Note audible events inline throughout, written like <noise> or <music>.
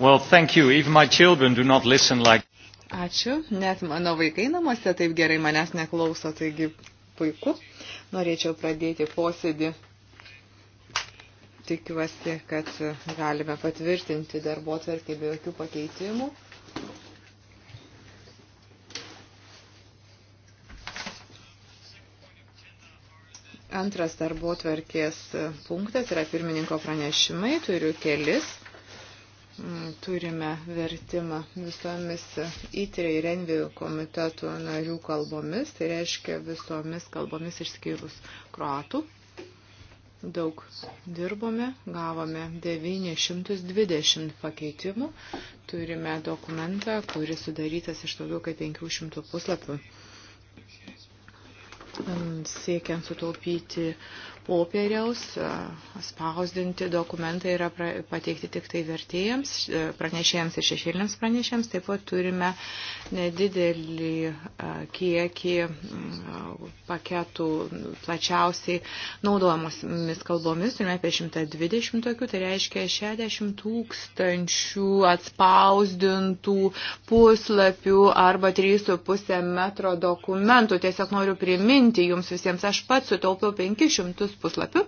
Well, thank you. Even my children do not listen like... Ačiū. Net mano vaikai namuose taip gerai manęs neklauso, taigi puiku. Norėčiau pradėti posėdį. Tikiuosi, kad galime patvirtinti darbo tvarkį be jokių pakeitimų. Antras darbo tvarkės punktas yra pirmininko pranešimai. Turiu kelis. Mm, turime vertimą visomis įtrei ir envijų komitetų narių kalbomis, tai reiškia visomis kalbomis išskyrus kroatų. Daug dirbome, gavome 920 pakeitimų, turime dokumentą, kuris sudarytas iš daugiau kaip 500 puslapių. Mm, siekiant sutaupyti popieriaus, e, spausdinti dokumentai yra pateikti tik tai vertėjams, e, pranešėjams ir šešėliniams pranešėjams. Taip pat turime nedidelį e, kiekį mm, paketų plačiausiai naudojamomis kalbomis, turime apie 120 tokių, tai reiškia 60 tūkstančių atspausdintų puslapių arba 3,5 metro dokumentų. Tiesiog noriu priminti, priminti jums visiems. Aš pats sutaupiau 500 puslapių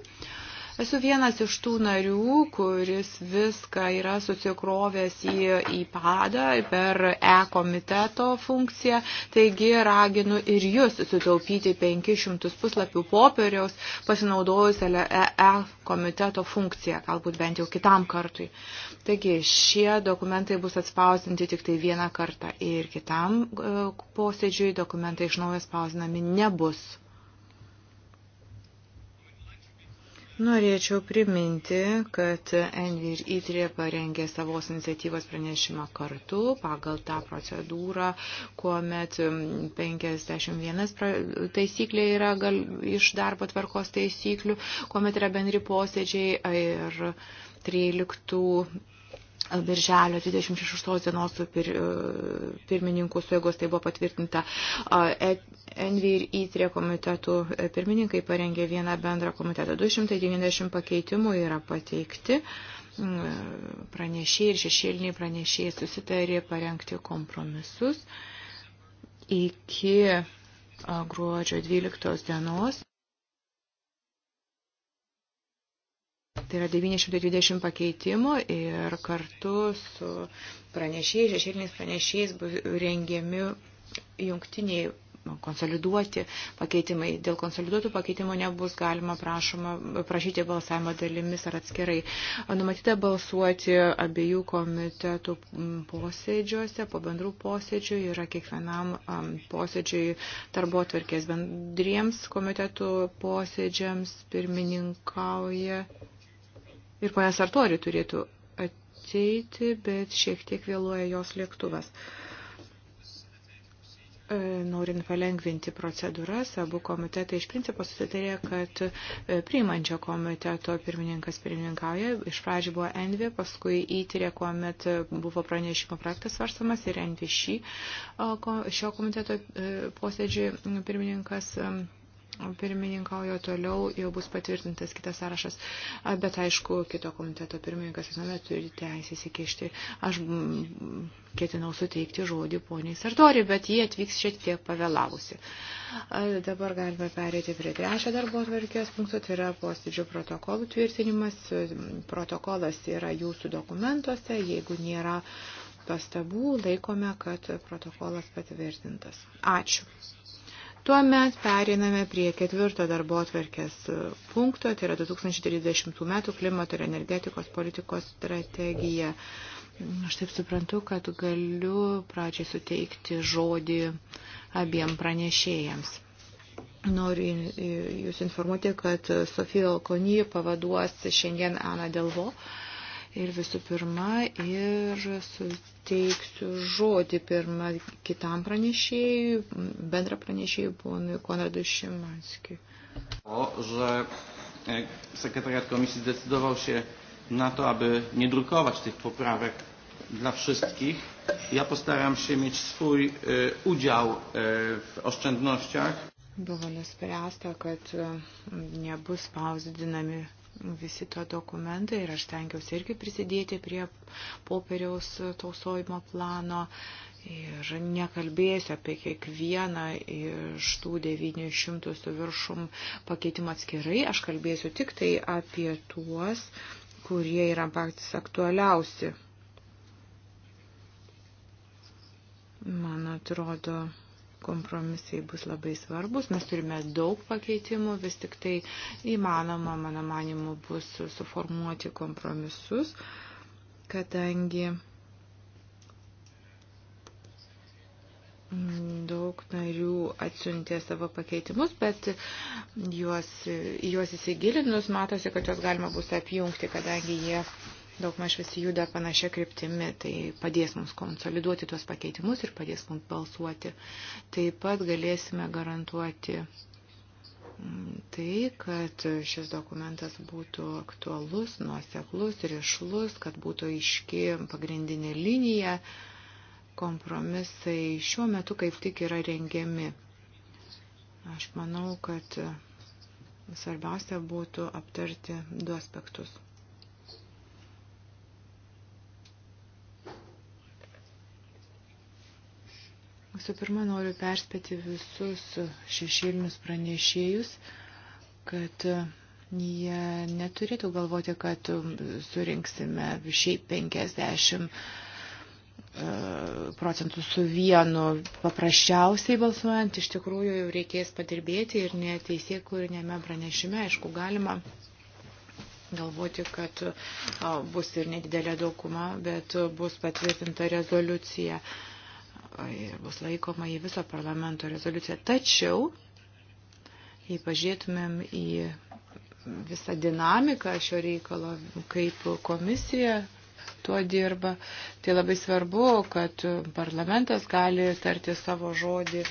Esu vienas iš tų narių, kuris viską yra susikrovęs į, į padą per e-komiteto funkciją, taigi raginu ir jūs sutaupyti 500 puslapių popieriaus, pasinaudojus e-, e-komiteto funkciją, galbūt bent jau kitam kartui. Taigi šie dokumentai bus atspausinti tik tai vieną kartą ir kitam e, posėdžiui dokumentai iš naujo spausinami nebus. Norėčiau priminti, kad Envi ir Itrė parengė savos iniciatyvos pranešimą kartu pagal tą procedūrą, kuomet 51 taisyklė yra gal, iš darbo tvarkos taisyklių, kuomet yra bendri posėdžiai ir 13 Birželio 26 dienos pir, pirmininkų suėgos tai buvo patvirtinta. Envy ir įtrė komitetų e, pirmininkai parengė vieną bendrą komitetą. 290 pakeitimų yra pateikti. Mm, e, pranešėjai ir šešėliniai pranešėjai susitarė parengti kompromisus iki gruodžio 12 dienos. Tai yra 920 pakeitimų ir kartu su pranešėjais, šešėliniais pranešėjais bus rengiami jungtiniai konsoliduoti pakeitimai. Dėl konsoliduotų pakeitimų nebus galima prašoma, prašyti balsavimo dalimis ar atskirai. Numatyta balsuoti abiejų komitetų posėdžiuose, po bendrų posėdžių yra kiekvienam posėdžiui tarbo atvarkės bendriems komitetų posėdžiams pirmininkauja ir ponia Sartori turėtų ateiti, bet šiek tiek vėluoja jos lėktuvas. E, norint palengvinti procedūras, abu komitetai iš principo susitarė, kad e, priimančio komiteto pirmininkas pirmininkauja. Iš pradžių buvo Envi, paskui įtyrė, kuomet buvo pranešimo projektas svarstamas ir Envi šį e, šio komiteto posėdžiui pirmininkas pirmininkaujo toliau, jau bus patvirtintas kitas sąrašas. Bet aišku, kito komiteto pirmininkas visuomet turi teisę įsikišti. Aš mm, ketinau suteikti žodį poniai Sartori, bet jie atvyks šiek tiek pavėlavusi. Dabar galime perėti prie trečio darbo atvarkės punkto, tai yra posėdžio protokolų tvirtinimas. Protokolas yra jūsų dokumentuose, jeigu nėra pastabų, laikome, kad protokolas patvirtintas. Ačiū. Tuomet periname prie ketvirto darbo atverkės e, punkto, tai yra 2030 metų klimato ir energetikos politikos strategija. Mm, aš taip suprantu, kad galiu pradžiai suteikti žodį abiem pranešėjams. Noriu Jūs informuoti, kad Sofija Alkonija pavaduos šiandien Ana Delvo. Uh, ir visų pirma ir suteiksiu žodį pirmą kitam pranešėjui, bendra pranešėjui ponui Konradui Šimanskiui. O, że e, sekretariat komisji zdecydował się na to, aby nie drukować tych poprawek dla wszystkich. Ja postaram się mieć swój y, e, udział y, e, w oszczędnościach. Buvo nuspręsta, kad nebus spausdinami visi to dokumentai ir aš tenkiausi irgi prisidėti prie popieriaus tausojimo plano. Ir nekalbėsiu apie kiekvieną iš tų 900 su viršum pakeitimą atskirai, aš kalbėsiu tik tai apie tuos, kurie yra patys aktualiausi. Man atrodo, kompromisai bus labai svarbus. Mes turime daug pakeitimų, vis tik tai įmanoma, mano manimu, bus suformuoti kompromisus, kadangi daug narių atsiuntė savo pakeitimus, bet juos, juos įsigilinus matosi, kad juos galima bus apjungti, kadangi jie daug maž visi juda panašia kryptimi, tai padės mums konsoliduoti tuos pakeitimus ir padės mums balsuoti. Taip pat galėsime garantuoti mm, tai, kad šis dokumentas būtų aktualus, nuoseklus, rišlus, kad būtų aiški pagrindinė linija, kompromisai šiuo metu kaip tik yra rengiami. Aš manau, kad svarbiausia būtų aptarti du aspektus. Visų pirma, noriu perspėti visus šešėlinius pranešėjus, kad e, jie neturėtų galvoti, kad e, surinksime šiaip 50 e, procentų su vienu paprasčiausiai balsuojant, iš tikrųjų jau reikės padirbėti ir neteisė kūrinėme pranešime, aišku, galima galvoti, kad bus ir nedidelė dauguma, bet bus patvirtinta rezoliucija. Uh, ir bus laikoma į viso parlamento rezoliuciją. Tačiau, jei pažiūrėtumėm į visą dinamiką šio reikalo, kaip komisija tuo dirba, tai labai svarbu, kad parlamentas gali tarti savo žodį.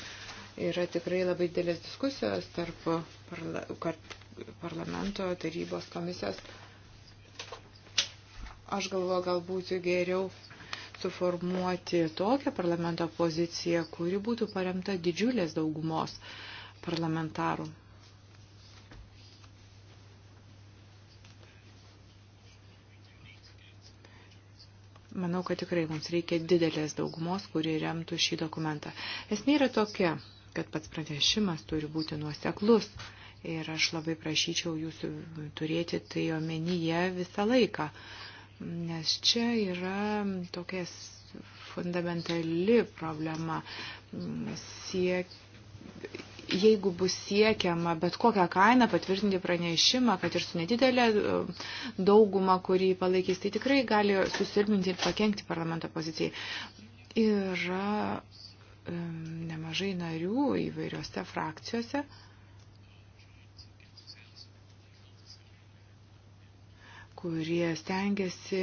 Yra tikrai labai didelės diskusijos tarp parla parlamento tarybos komisijos. Aš galvoju, galbūt geriau suformuoti tokią parlamento poziciją, kuri būtų paremta didžiulės daugumos parlamentarų. Manau, kad tikrai mums reikia didelės daugumos, kuri remtų šį dokumentą. Esmė yra tokia, kad pats pranešimas turi būti nuoseklus ir aš labai prašyčiau jūsų turėti tai omenyje visą laiką. Uh, nes čia yra tokias fundamentali problema. Siek, jeigu bus siekiama bet kokią kainą patvirtinti pranešimą, kad ir su nedidelė e, dauguma, kurį palaikys, tai tikrai gali susirminti ir pakengti parlamento pozicijai. Yra e, nemažai narių įvairiose frakcijose, kurie stengiasi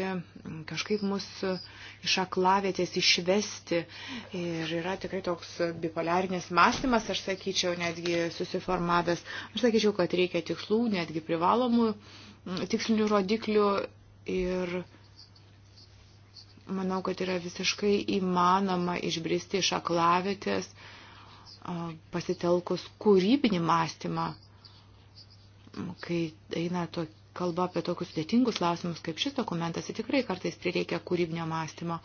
kažkaip mus iš aklavėtės išvesti. Ir yra tikrai toks bipolarinis mąstymas, aš sakyčiau, netgi susiformavęs. Aš sakyčiau, kad reikia tikslų, netgi privalomų tikslinių rodiklių. Ir manau, kad yra visiškai įmanoma išbristi iš aklavėtės pasitelkus kūrybinį mąstymą kai eina to, kalba apie tokius sudėtingus klausimus kaip šis dokumentas, ir tai tikrai kartais prireikia kūrybinio mąstymo.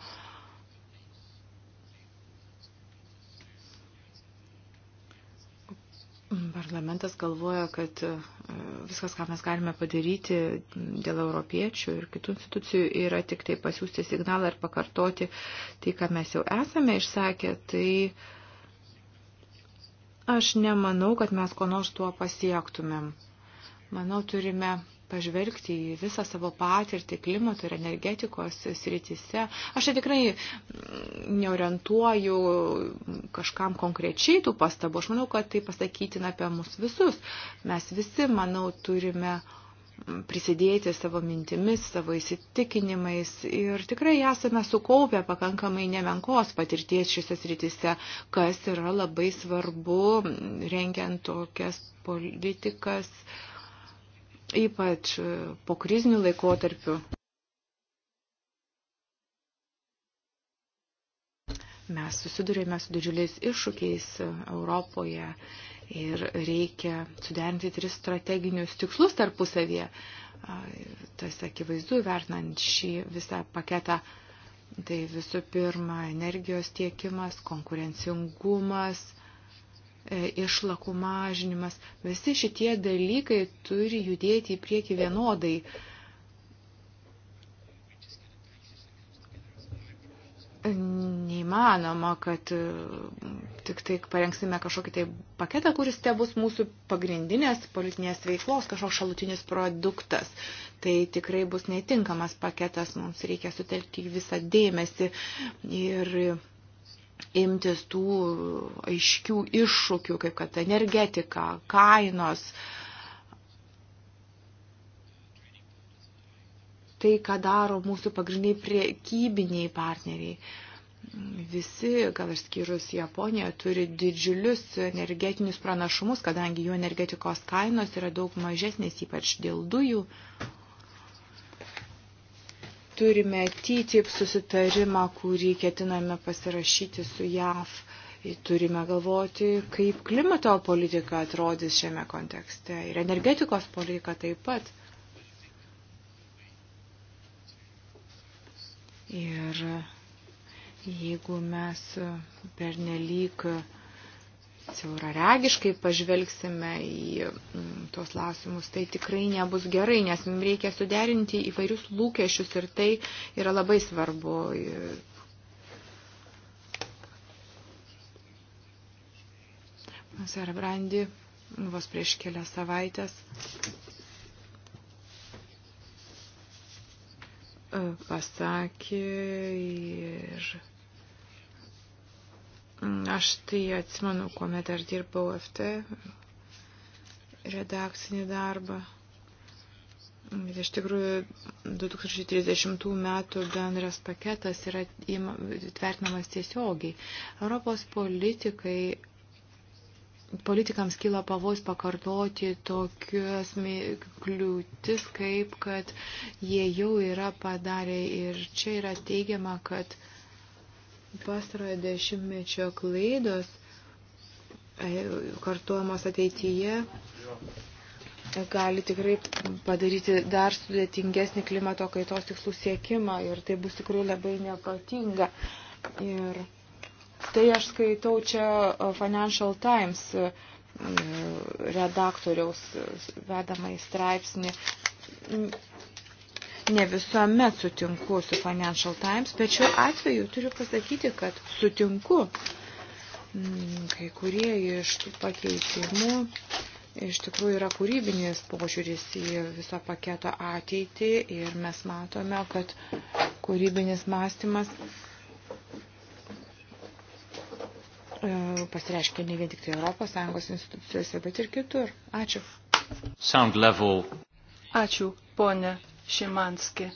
Parlamentas galvoja, kad e, viskas, ką mes galime padaryti dėl europiečių ir kitų institucijų, yra tik tai pasiūsti signalą ir pakartoti tai, ką mes jau esame išsakę. Tai aš nemanau, kad mes ko nors tuo pasiektumėm. Manau, turime pažvelgti į visą savo patirtį klimato ir energetikos sritise. Aš tai tikrai neorientuoju kažkam konkrečiai tų pastabų. Aš manau, kad tai pasakytina apie mus visus. Mes visi, manau, turime prisidėti savo mintimis, savo įsitikinimais ir tikrai esame sukaupę pakankamai nemenkos patirties šiose sritise, kas yra labai svarbu rengiant tokias politikas, uh, ypač e, po krizinių laikotarpių. Mes susidurėme su didžiuliais iššūkiais e, Europoje ir reikia suderinti tris strateginius tikslus tarpusavėje. Tas akivaizdu, vertinant šį visą paketą, tai visų pirma energijos tiekimas, konkurencingumas, E, išlakų mažinimas. Visi šitie dalykai turi judėti į priekį vienodai. Neįmanoma, kad e, tik tai parengsime kažkokį tai paketą, kuris te bus mūsų pagrindinės politinės veiklos, kažkoks šalutinis produktas. Tai tikrai bus netinkamas paketas, mums reikia sutelkti visą dėmesį ir imtis tų aiškių iššūkių, kaip kad energetika, kainos. Tai, ką daro mūsų pagrindiniai priekybiniai partneriai. Visi, gal išskyrus Japoniją, turi didžiulius energetinius pranašumus, kadangi jų energetikos kainos yra daug mažesnės, ypač dėl dujų. Uh, turime TTIP susitarimą, kurį ketiname pasirašyti su JAV. Turime galvoti, kaip klimato politika atrodys šiame kontekste ir energetikos politika taip pat. Ir jeigu mes per nelik uh, siauraregiškai pažvelgsime į mm, tuos lausimus, tai tikrai nebus gerai, nes mums reikia suderinti įvairius lūkesčius ir tai yra labai svarbu. Sara Brandi, vos prieš kelias savaitės. E, pasakė ir Aš tai atsimenu, kuomet dar dirbau FT redakcinį darbą. Bet iš tikrųjų 2030 metų bendras paketas yra tvertinamas tiesiogiai. Europos politikai, politikams kyla pavojus pakartoti tokius kliūtis, kaip kad jie jau yra padarę. Ir čia yra teigiama, kad uh, pastarojo dešimtmečio klaidos e, kartuojamos ateityje gali tikrai padaryti dar sudėtingesnį klimato kaitos tikslų siekimą ir tai bus tikrai labai neprotinga. Ir tai aš skaitau čia Financial Times e, redaktoriaus vedamą į straipsnį ne visuomet sutinku su Financial Times, bet šiuo atveju turiu pasakyti, kad sutinku. Mm, kai kurie iš tų pakeitimų iš tikrųjų yra kūrybinis požiūris į viso paketo ateitį ir mes matome, kad kūrybinis mąstymas e, pasireiškia ne vien tik tai Europos Sąjungos institucijose, bet ir kitur. Ačiū. Sound level. Ačiū, ponė Šimanski.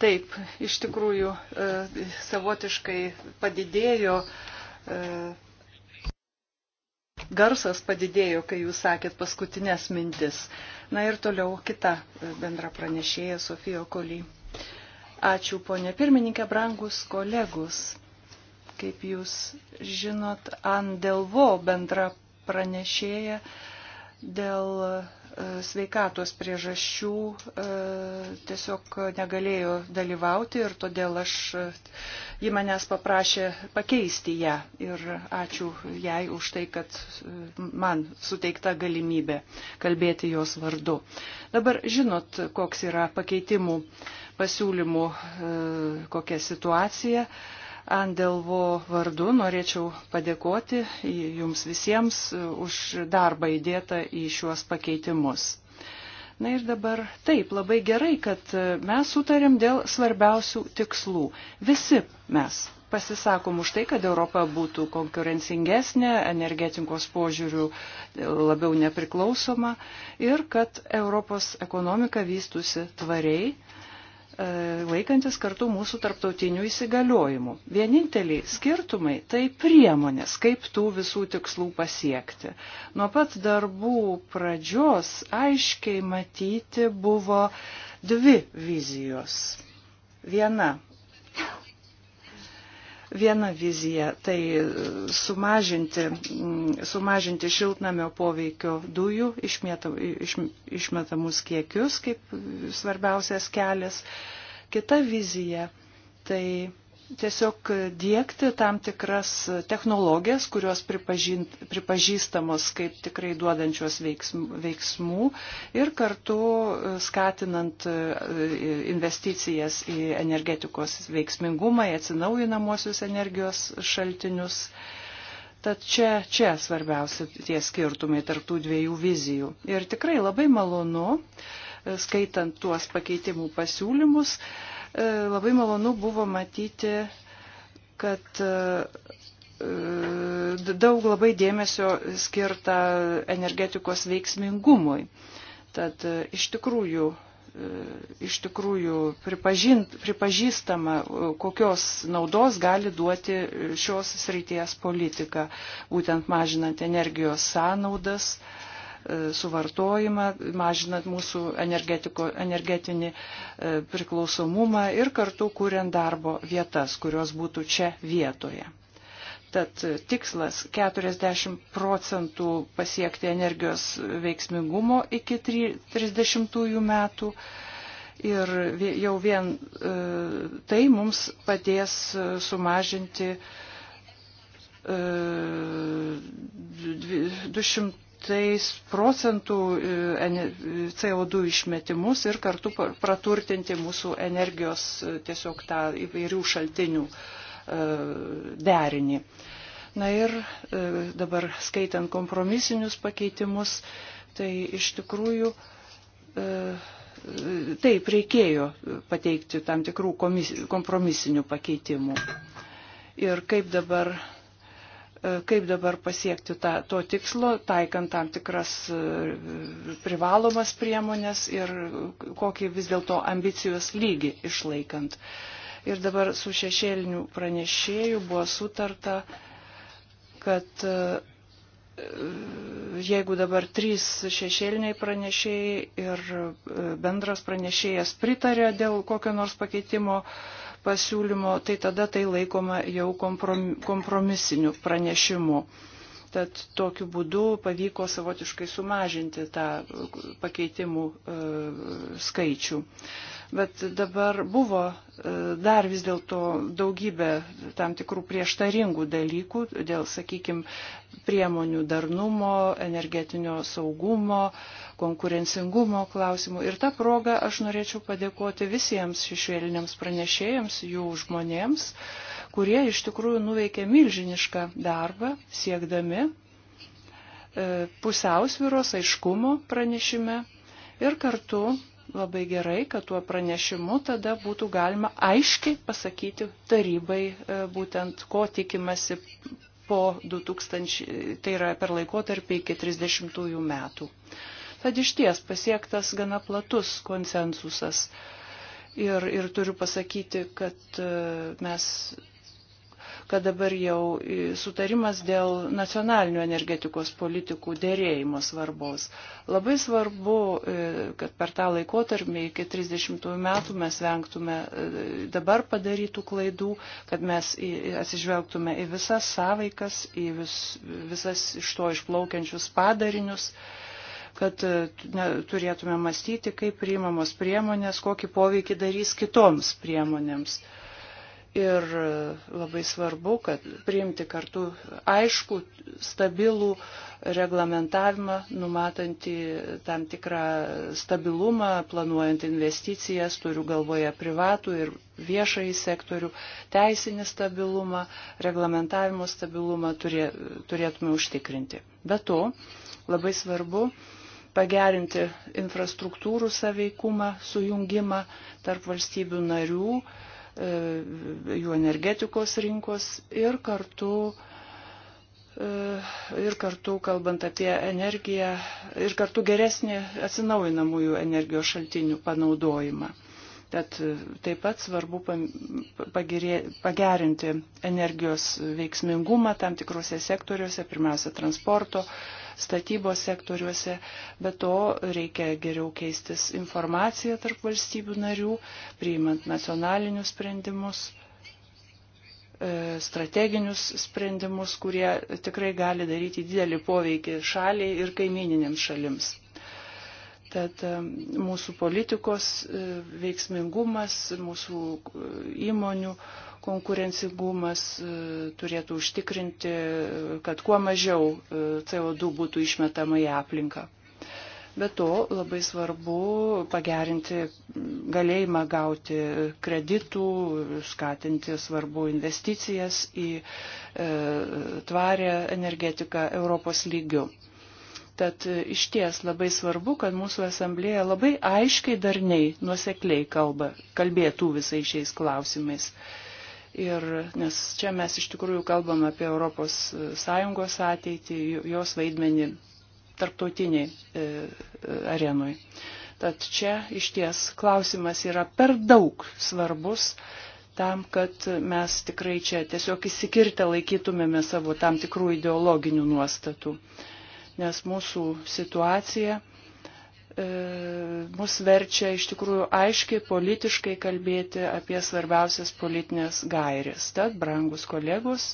Taip, iš tikrųjų e, savotiškai padidėjo, e, garsas padidėjo, kai jūs sakėt paskutinės mintis. Na ir toliau kita e, bendra pranešėja Sofija Koly. Ačiū, ponė pirmininkė, brangus kolegus. Kaip jūs žinot, Andelvo bendra pranešėja dėl E, sveikatos priežasčių e, tiesiog negalėjo dalyvauti ir todėl aš, e, ji manęs paprašė pakeisti ją ir ačiū jai už tai, kad man suteikta galimybė kalbėti jos vardu. Dabar žinot, koks yra pakeitimų pasiūlymų, kokia situacija. Andelvo vardu norėčiau padėkoti jums visiems už darbą įdėtą į šiuos pakeitimus. Na ir dabar taip, labai gerai, kad mes sutarėm dėl svarbiausių tikslų. Visi mes pasisakom už tai, kad Europa būtų konkurencingesnė, energetikos požiūrių labiau nepriklausoma ir kad Europos ekonomika vystusi tvariai E, laikantis kartu mūsų tarptautinių įsigaliojimų. Vieninteliai skirtumai tai priemonės, kaip tų visų tikslų pasiekti. Nuo pat darbų pradžios aiškiai matyti buvo dvi vizijos. Viena Viena vizija - tai e, sumažinti, sumažinti šiltnamio poveikio dujų išmetamus kiekius kaip svarbiausias kelias. Kita vizija - tai tiesiog dėkti tam tikras technologijas, kurios pripažįstamos kaip tikrai duodančios veiksmų, veiksmų ir kartu e, skatinant e, investicijas į energetikos veiksmingumą, į atsinaujinamosius energijos šaltinius. Tad čia, čia svarbiausia tie skirtumai tarptų dviejų vizijų. Ir tikrai labai malonu, e, skaitant tuos pakeitimų pasiūlymus, uh, E, labai malonu buvo matyti, kad e, daug labai dėmesio skirta energetikos veiksmingumui. Tad e, iš tikrųjų, iš tikrųjų pripažįstama, kokios naudos gali duoti šios srities politika, būtent mažinant energijos sąnaudas, uh, E, suvartojimą, mažinant mūsų energetinį e, priklausomumą ir kartu kuriant darbo vietas, kurios būtų čia vietoje. Tad tikslas 40 procentų pasiekti energijos veiksmingumo iki 30 metų. Ir jau vien e, tai mums padės sumažinti 200 procentų e, CO2 išmetimus ir kartu praturtinti mūsų energijos e, tiesiog tą įvairių šaltinių e, derinį. Na ir dabar skaitant kompromisinius pakeitimus, tai iš tikrųjų taip reikėjo pateikti tam tikrų kompromisinių pakeitimų. Ir kaip dabar E, kaip dabar pasiekti tą, to tikslo, taikant tam tikras e, privalomas priemonės ir kokį vis dėlto ambicijos lygį išlaikant. Ir dabar su šešėliniu pranešėju buvo sutarta, kad e, jeigu dabar trys šešėliniai pranešėjai ir bendras pranešėjas pritarė dėl kokio nors pakeitimo, pasiūlymo, tai tada tai laikoma jau kompromisiniu pranešimu. Tad tokiu būdu pavyko savotiškai sumažinti tą pakeitimų e, skaičių bet dabar buvo e, dar vis dėlto daugybė tam tikrų prieštaringų dalykų dėl, sakykime, priemonių darnumo, energetinio saugumo, konkurencingumo klausimų. Ir tą progą aš norėčiau padėkoti visiems šešėliniams pranešėjams, jų žmonėms, kurie iš tikrųjų nuveikė milžinišką darbą siekdami e, pusiausviros aiškumo pranešime ir kartu Labai gerai, kad tuo pranešimu tada būtų galima aiškiai pasakyti tarybai e, būtent, ko tikimasi po 2000, tai yra per laikotarpį iki 30 metų. Tad iš ties pasiektas gana platus konsensusas. Ir, ir turiu pasakyti, kad e, mes kad dabar jau sutarimas dėl nacionalinių energetikos politikų dėrėjimo svarbos. Labai svarbu, e, kad per tą laikotarpį iki 30 metų mes vengtume e, dabar padarytų klaidų, kad mes atsižvelgtume į visas sąveikas, į vis, visas iš to išplaukiančius padarinius kad e, ne, turėtume mąstyti, kaip priimamos priemonės, kokį poveikį darys kitoms priemonėms. Uh, Ir labai svarbu, kad priimti kartu aišku, stabilų reglamentavimą, numatantį tam tikrą stabilumą, planuojant investicijas, turiu galvoje privatų ir viešai sektorių, teisinį stabilumą, reglamentavimo stabilumą turė, turėtume užtikrinti. Be to, labai svarbu, pagerinti infrastruktūrų saveikumą, sujungimą tarp valstybių narių, E, jų energetikos rinkos ir kartu, e, ir kartu kalbant apie energiją, ir kartu geresnį atsinaujinamųjų energijos šaltinių panaudojimą. Tad e, taip pat svarbu pagirė, pagerinti energijos veiksmingumą tam tikrose sektoriuose, pirmiausia, transporto statybos sektoriuose, bet to reikia geriau keistis informaciją tarp valstybių narių, priimant nacionalinius sprendimus e, strateginius sprendimus, kurie tikrai gali daryti didelį poveikį šaliai ir kaimininėms šalims. Tad mūsų politikos e, veiksmingumas, mūsų e, įmonių konkurencingumas e, turėtų užtikrinti, kad kuo mažiau CO2 būtų išmetama į aplinką. Be to labai svarbu pagerinti galėjimą gauti kreditų, skatinti svarbu investicijas į e, tvarę energetiką Europos lygių. Tad iš ties labai svarbu, kad mūsų asamblėje labai aiškiai, darniai, nuosekliai kalba, kalbėtų visai šiais klausimais. Ir nes čia mes iš tikrųjų kalbam apie ES e, ateitį, jos vaidmenį tarptautiniai e, e, arenui. Tad čia iš ties klausimas yra per daug svarbus tam, kad mes tikrai čia tiesiog įsikirtę laikytumėme savo tam tikrų ideologinių nuostatų. E, nes mūsų situacija e, mus verčia iš tikrųjų aiškiai politiškai kalbėti apie svarbiausias politinės gairės. Tad, brangus kolegos,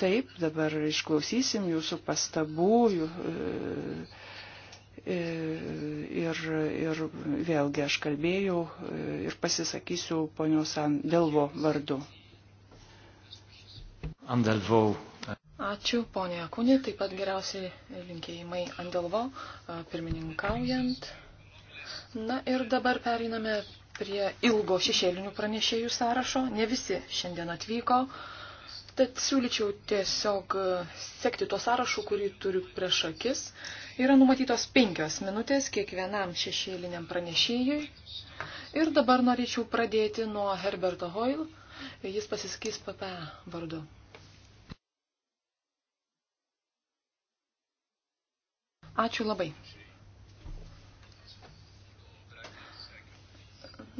taip, dabar išklausysim jūsų pastabų e, e, ir, ir vėlgi aš kalbėjau ir pasisakysiu ponios Andelvo vardu. Andelvo Ačiū, ponė Akūnė, taip pat geriausiai linkėjimai Andelvo pirmininkaujant. Na ir dabar pereiname prie ilgo šešėlinių pranešėjų sąrašo. Ne visi šiandien atvyko, tad siūlyčiau tiesiog sekti tuo sąrašu, kurį turiu prieš akis. Yra numatytos penkios minutės kiekvienam šešėliniam pranešėjui. Ir dabar norėčiau pradėti nuo Herberto Hoyle. Jis pasiskys PP vardu. Ačiū labai.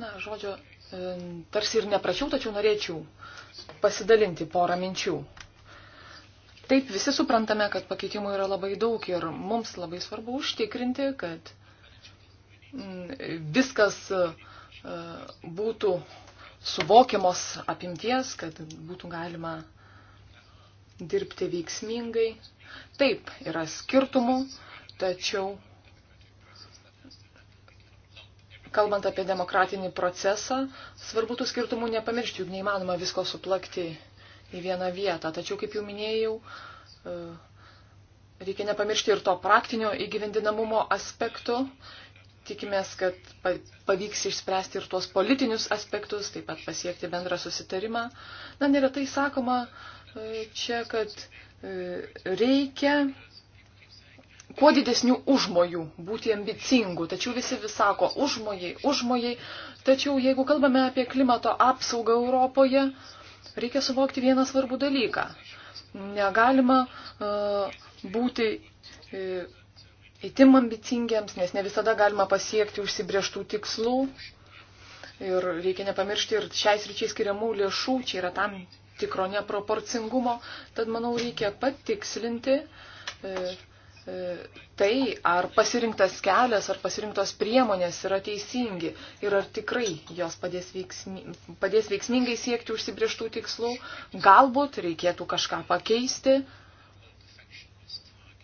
Na, žodžio e, tarsi ir neprašiau, tačiau norėčiau pasidalinti porą minčių. Taip, visi suprantame, kad pakeitimų yra labai daug ir mums labai svarbu užtikrinti, kad mm, viskas e, būtų suvokiamos apimties, kad būtų galima dirbti veiksmingai. Taip, yra skirtumų, Tačiau, kalbant apie demokratinį procesą, svarbu tų skirtumų nepamiršti, juk neįmanoma visko suplakti į vieną vietą. Tačiau, kaip jau minėjau, e, reikia nepamiršti ir to praktinio įgyvendinamumo aspektų. Tikimės, kad pavyks išspręsti ir tuos politinius aspektus, taip pat pasiekti bendrą susitarimą. Na, neretai sakoma e, čia, kad e, reikia kuo didesnių užmojų, būti ambicingų. Tačiau visi vis sako užmojai, užmojai. Tačiau jeigu kalbame apie klimato apsaugą Europoje, reikia suvokti vieną svarbų dalyką. Negalima uh, būti uh, e, itim ambicingiams, nes ne visada galima pasiekti užsibrieštų tikslų. Ir reikia nepamiršti ir šiais ryčiais skiriamų lėšų, čia yra tam tikro neproporcingumo, tad manau reikia patikslinti. Uh, tai, ar pasirinktas kelias, ar pasirinktos priemonės yra teisingi ir ar tikrai jos padės, veiksmi, padės veiksmingai siekti užsibrieštų tikslų, galbūt reikėtų kažką pakeisti.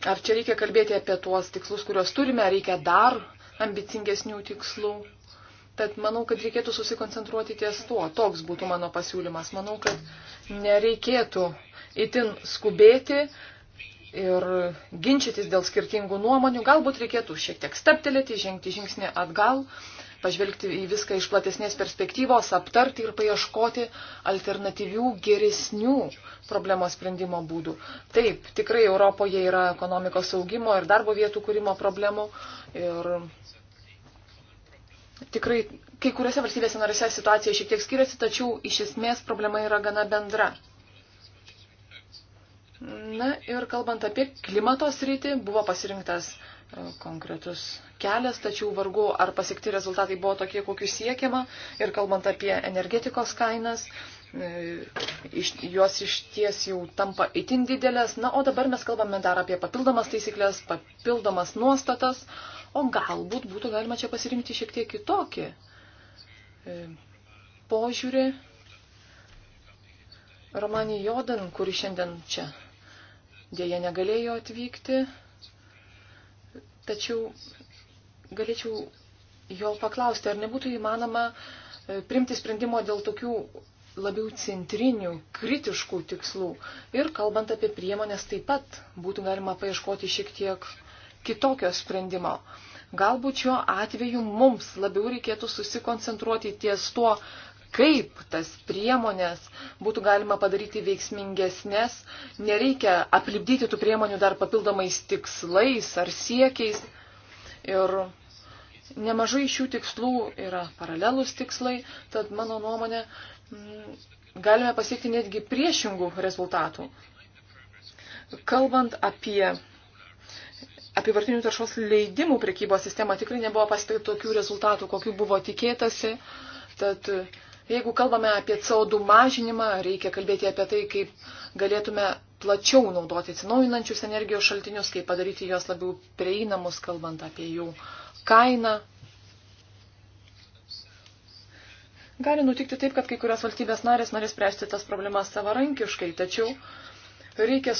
Ar čia reikia kalbėti apie tuos tikslus, kuriuos turime, ar reikia dar ambicingesnių tikslų. Tad manau, kad reikėtų susikoncentruoti ties tuo. Toks būtų mano pasiūlymas. Manau, kad nereikėtų itin skubėti, ir ginčytis dėl skirtingų nuomonių, galbūt reikėtų šiek tiek steptelėti, žengti žingsnį atgal, pažvelgti į viską iš platesnės perspektyvos, aptarti ir paieškoti alternatyvių, geresnių problemos sprendimo būdų. Taip, tikrai Europoje yra ekonomikos augimo ir darbo vietų kūrimo problemų ir tikrai kai kuriuose valstybėse narėse situacija šiek tiek skiriasi, tačiau iš esmės problema yra gana bendra. Na ir kalbant apie klimatos rytį, buvo pasirinktas e, konkretus kelias, tačiau vargu ar pasiekti rezultatai buvo tokie, kokius siekiama. Ir kalbant apie energetikos kainas, e, iš, jos iš ties jau tampa itin didelės. Na, o dabar mes kalbame dar apie papildomas taisyklės, papildomas nuostatas, o galbūt būtų galima čia pasirinkti šiek tiek kitokį e, požiūrį. Romanį Jodan, kuri šiandien čia dėja negalėjo atvykti, tačiau galėčiau jo paklausti, ar nebūtų įmanoma e, primti sprendimo dėl tokių labiau centrinių, kritiškų tikslų. Ir kalbant apie priemonės, taip pat būtų galima paieškoti šiek tiek kitokio sprendimo. Galbūt šiuo atveju mums labiau reikėtų susikoncentruoti ties tuo, kaip tas priemonės būtų galima padaryti veiksmingesnės. Nereikia aplipdyti tų priemonių dar papildomais tikslais ar siekiais. Ir nemažai šių tikslų yra paralelūs tikslai, tad mano nuomonė mm, galime pasiekti netgi priešingų rezultatų. Kalbant apie apivartinių taršos leidimų prekybos sistema tikrai nebuvo pasiekti tokių rezultatų, kokių buvo tikėtasi. Tad Jeigu kalbame apie CO2 mažinimą, reikia kalbėti apie tai, kaip galėtume plačiau naudoti atsinaujinančius energijos šaltinius, kaip padaryti juos labiau prieinamus, kalbant apie jų kainą. Gali nutikti taip, kad kai kurios valstybės narės norės spręsti tas problemas savarankiškai, tačiau reikia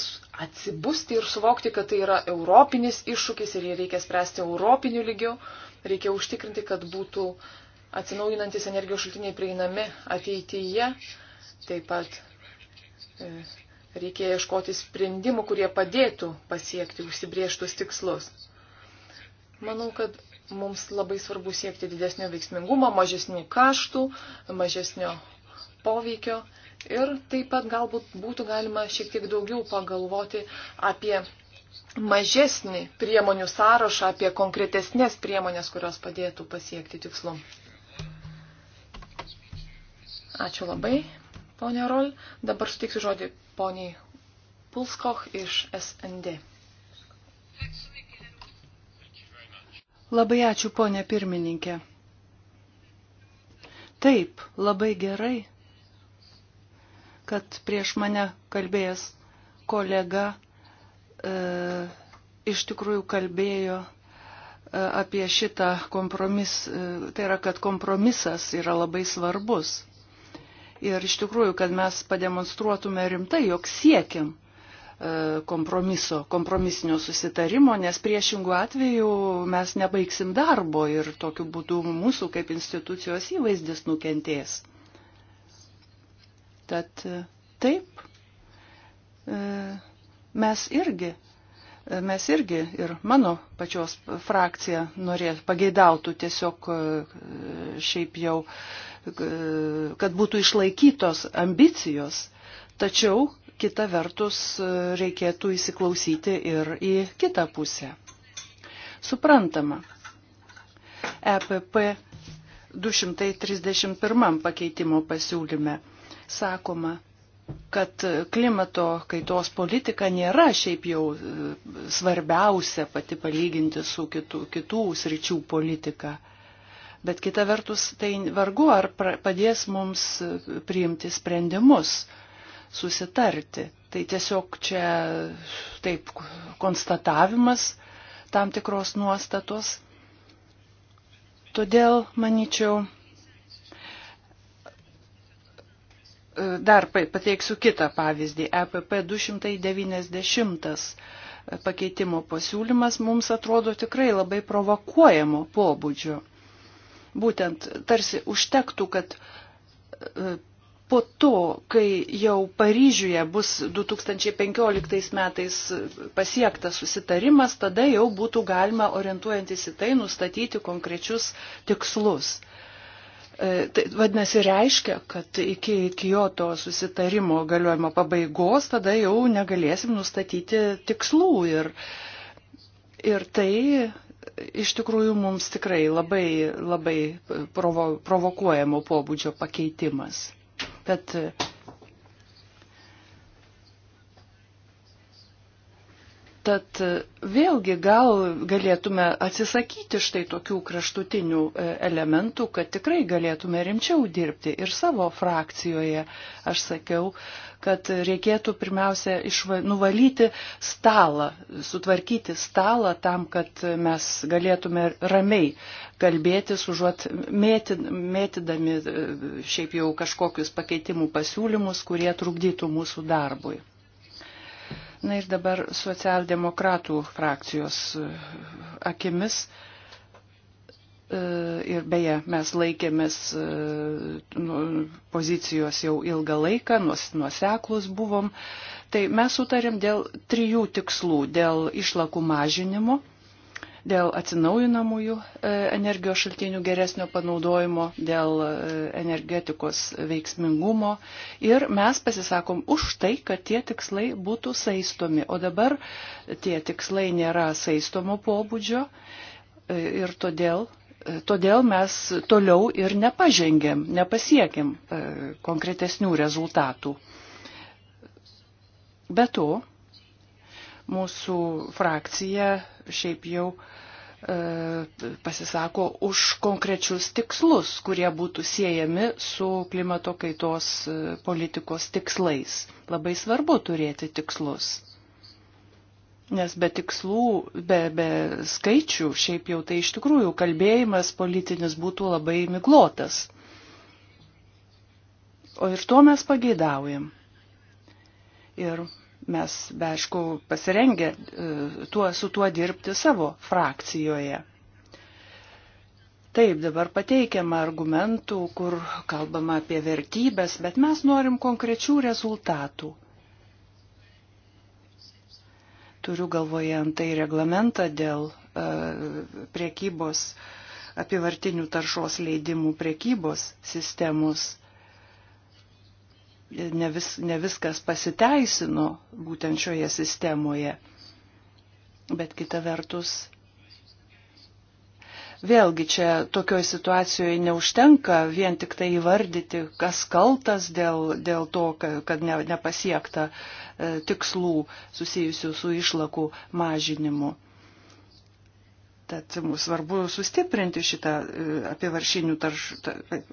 atsibusti ir suvokti, kad tai yra europinis iššūkis ir jį reikia spręsti europiniu lygiu. Reikia užtikrinti, kad būtų atsinaujinantis energijos šaltiniai prieinami ateityje. Taip pat e, reikia ieškoti sprendimų, kurie padėtų pasiekti užsibrieštus tikslus. Manau, kad mums labai svarbu siekti didesnio veiksmingumo, mažesnių kaštų, mažesnio poveikio ir taip pat galbūt būtų galima šiek tiek daugiau pagalvoti apie mažesnį priemonių sąrašą, apie konkretesnės priemonės, kurios padėtų pasiekti tikslų. Ačiū labai, ponė Rol. Dabar sutiksiu žodį poniai Pulskoch iš SND. Labai ačiū, ponė pirmininkė. Taip, labai gerai, kad prieš mane kalbėjęs kolega e, iš tikrųjų kalbėjo e, apie šitą kompromis, e, tai yra, kad kompromisas yra labai svarbus ir iš tikrųjų, kad mes pademonstruotume rimtai, jog siekiam e, kompromiso, kompromisinio susitarimo, nes priešingų atveju mes nebaigsim darbo ir tokiu būdu mūsų kaip institucijos įvaizdis nukentės. Tad e, taip, e, mes irgi mes irgi ir mano pačios frakcija norėt, pageidautų tiesiog šiaip jau kad būtų išlaikytos ambicijos, tačiau kita vertus e, reikėtų įsiklausyti ir į kitą pusę. Suprantama, EPP 231 pakeitimo pasiūlyme sakoma, kad klimato kaitos politika nėra šiaip jau e, svarbiausia pati palyginti su kitų, kitų sričių politika. Bet kita vertus, tai vargu ar padės mums priimti sprendimus, susitarti. Tai tiesiog čia taip konstatavimas tam tikros nuostatos. Todėl, manyčiau, dar pateiksiu kitą pavyzdį. EPP 290 pakeitimo pasiūlymas mums atrodo tikrai labai provokuojamo pobūdžio. Būtent tarsi užtektų, kad e, po to, kai jau Paryžiuje bus 2015 metais pasiektas susitarimas, tada jau būtų galima orientuojantis į tai nustatyti konkrečius tikslus. E, tai vadinasi, reiškia, kad iki Kyoto susitarimo galiojimo pabaigos tada jau negalėsim nustatyti tikslų ir, ir tai iš tikrųjų mums tikrai labai, labai provo, provokuojamo pobūdžio pakeitimas. Bet Tad e, vėlgi gal galėtume atsisakyti štai tokių kraštutinių e, elementų, kad tikrai galėtume rimčiau dirbti. Ir savo frakcijoje aš sakiau, kad reikėtų pirmiausia išva, nuvalyti stalą, sutvarkyti stalą tam, kad mes galėtume ramiai kalbėtis, užuot mėty, mėtydami e, šiaip jau kažkokius pakeitimų pasiūlymus, kurie trukdytų mūsų darbui. Na ir dabar socialdemokratų frakcijos e, akimis. E, ir beje, mes laikėmės e, nu, pozicijos jau ilgą laiką, nuoseklus buvom. Tai mes sutarėm dėl trijų tikslų - dėl išlakų mažinimo, dėl atsinaujinamųjų e, energijos šaltinių geresnio panaudojimo, dėl e, energetikos veiksmingumo. Ir mes pasisakom už tai, kad tie tikslai būtų saistomi. O dabar tie tikslai nėra saistomo pobūdžio e, ir todėl. Todėl mes toliau ir nepažengėm, nepasiekėm konkretesnių rezultatų. Be to, Mūsų frakcija šiaip jau e, pasisako už konkrečius tikslus, kurie būtų siejami su klimato kaitos e, politikos tikslais. Labai svarbu turėti tikslus. Nes be tikslų, be, be skaičių, šiaip jau tai iš tikrųjų kalbėjimas politinis būtų labai miglotas. O ir to mes pageidaujam. Ir Mes, be aišku, pasirengę e, tuo, su tuo dirbti savo frakcijoje. Taip, dabar pateikiama argumentų, kur kalbama apie vertybės, bet mes norim konkrečių rezultatų. Turiu galvoje antai reglamentą dėl e, priekybos, apivartinių taršos leidimų priekybos sistemos ne, vis, ne viskas pasiteisino būtent šioje sistemoje. Bet kita vertus, vėlgi čia tokioje situacijoje neužtenka vien tik tai įvardyti, kas kaltas dėl, dėl to, kad ne, nepasiekta e, tikslų susijusių su išlakų mažinimu. Tad mums svarbu sustiprinti šitą e, apivartinių tarš,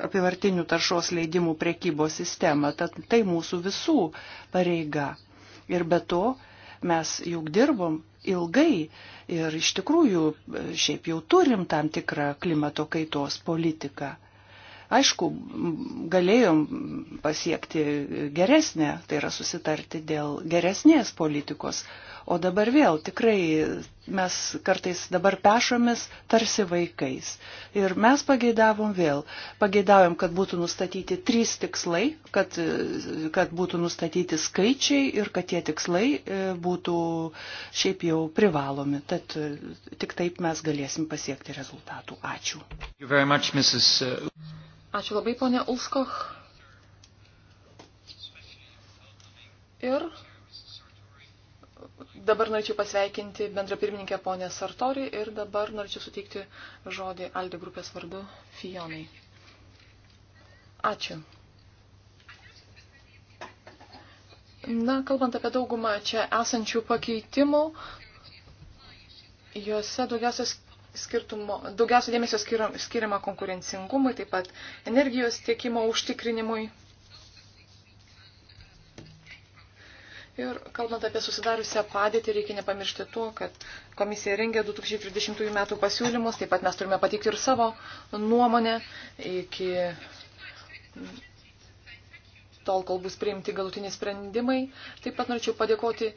apivartinių taršos leidimų priekybos sistemą. Tad tai mūsų visų pareiga. Ir be to mes juk dirbom ilgai ir iš tikrųjų e, šiaip jau turim tam tikrą klimato kaitos politiką. Aišku, galėjom pasiekti geresnę, tai yra susitarti dėl geresnės politikos, o dabar vėl tikrai mes kartais dabar pešomis tarsi vaikais. Ir mes pageidavom vėl. Pageidavom, kad būtų nustatyti trys tikslai, kad, kad būtų nustatyti skaičiai ir kad tie tikslai e, būtų šiaip jau privalomi. Tad e, tik taip mes galėsim pasiekti rezultatų. Ačiū. Much, Mrs. E, Ačiū labai, ponia Ulskoch. Ir Dabar norėčiau pasveikinti bendra pirmininkė ponė Sartori ir dabar norėčiau suteikti žodį Aldi grupės vardu Fionai. Ačiū. Na, kalbant apie daugumą čia esančių pakeitimų, juose daugiausia, skirtumo, daugiausia dėmesio skiriama konkurencingumui, taip pat energijos tiekimo užtikrinimui. Ir kalbant apie susidariusią padėtį, reikia nepamiršti to, kad komisija rengia 2030 metų pasiūlymus, taip pat mes turime patikti ir savo nuomonę iki tol, kol bus priimti galutiniai sprendimai. Taip pat norėčiau padėkoti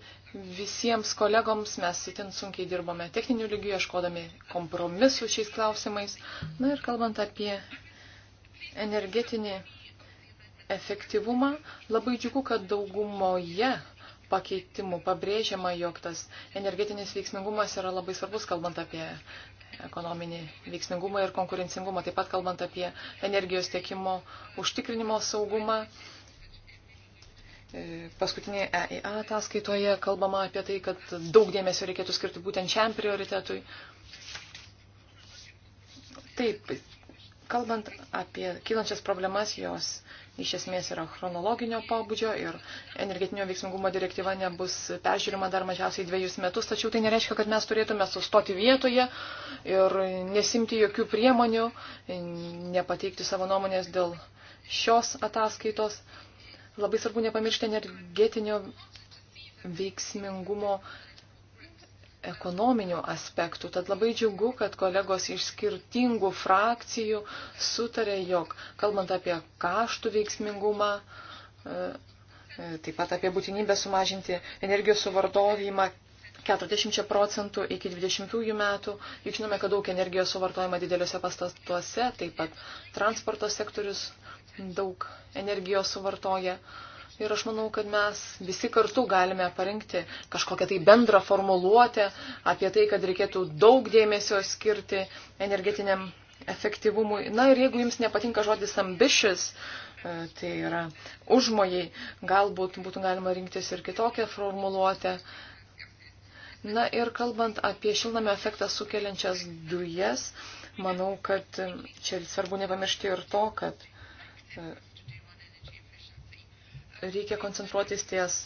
visiems kolegoms, mes itin sunkiai dirbome techninių lygių, ieškodami kompromisų šiais klausimais. Na ir kalbant apie energetinį efektyvumą, labai džiugu, kad daugumoje pakeitimų pabrėžiama, jog tas energetinis veiksmingumas yra labai svarbus, kalbant apie ekonominį veiksmingumą ir konkurencingumą, taip pat kalbant apie energijos tiekimo užtikrinimo saugumą. Paskutinėje EIA ataskaitoje kalbama apie tai, kad daug dėmesio reikėtų skirti būtent šiam prioritetui. Taip, kalbant apie kylančias problemas, jos iš esmės yra chronologinio pobūdžio ir energetinio veiksmingumo direktyva nebus peržiūrima dar mažiausiai dviejus metus, tačiau tai nereiškia, kad mes turėtume sustoti vietoje ir nesimti jokių priemonių, nepateikti savo nuomonės dėl šios ataskaitos. Labai svarbu nepamiršti energetinio veiksmingumo ekonominių aspektų. Tad labai džiugu, kad kolegos iš skirtingų frakcijų sutarė, jog kalbant apie kaštų veiksmingumą, e, e, taip pat apie būtinybę sumažinti energijos suvardovimą 40 procentų iki 20 metų. Juk žinome, kad daug energijos suvartojama dideliuose pastatuose, taip pat transporto sektorius daug energijos suvartoja. Uh, Ir aš manau, kad mes visi kartu galime parengti kažkokią tai bendrą formuluotę apie tai, kad reikėtų daug dėmesio skirti energetiniam efektyvumui. Na ir jeigu jums nepatinka žodis ambitious, e, tai yra užmojai, galbūt būtų galima rinktis ir kitokią formuluotę. Na ir kalbant apie šilnamio efektą sukeliančias dujas, manau, kad čia svarbu nepamiršti ir to, kad e, reikia koncentruotis ties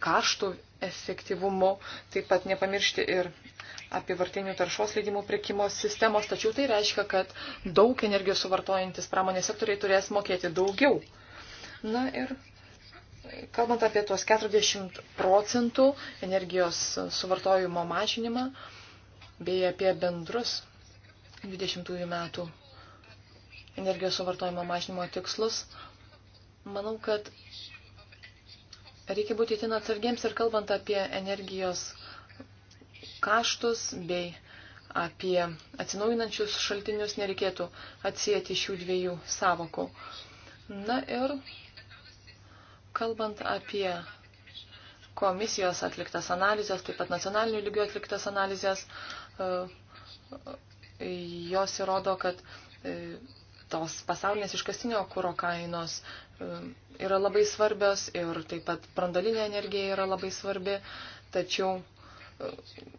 kaštų efektyvumu, taip pat nepamiršti ir apivartinių taršos leidimų priekimo sistemos, tačiau tai reiškia, kad daug energijos suvartojantis pramonės sektoriai turės mokėti daugiau. Na ir kalbant apie tuos 40 procentų energijos suvartojimo mažinimą bei apie bendrus 20 metų energijos suvartojimo mažinimo tikslus, manau, kad reikia būti itin atsargiems ir kalbant apie energijos kaštus bei apie atsinaujinančius šaltinius nereikėtų atsijėti šių dviejų savokų. Na ir kalbant apie komisijos atliktas analizės, taip pat nacionalinių lygių atliktas analizės, e, e, jos įrodo, kad e, tos pasaulinės iškastinio kūro kainos um, yra labai svarbios ir taip pat brandolinė energija yra labai svarbi, tačiau um,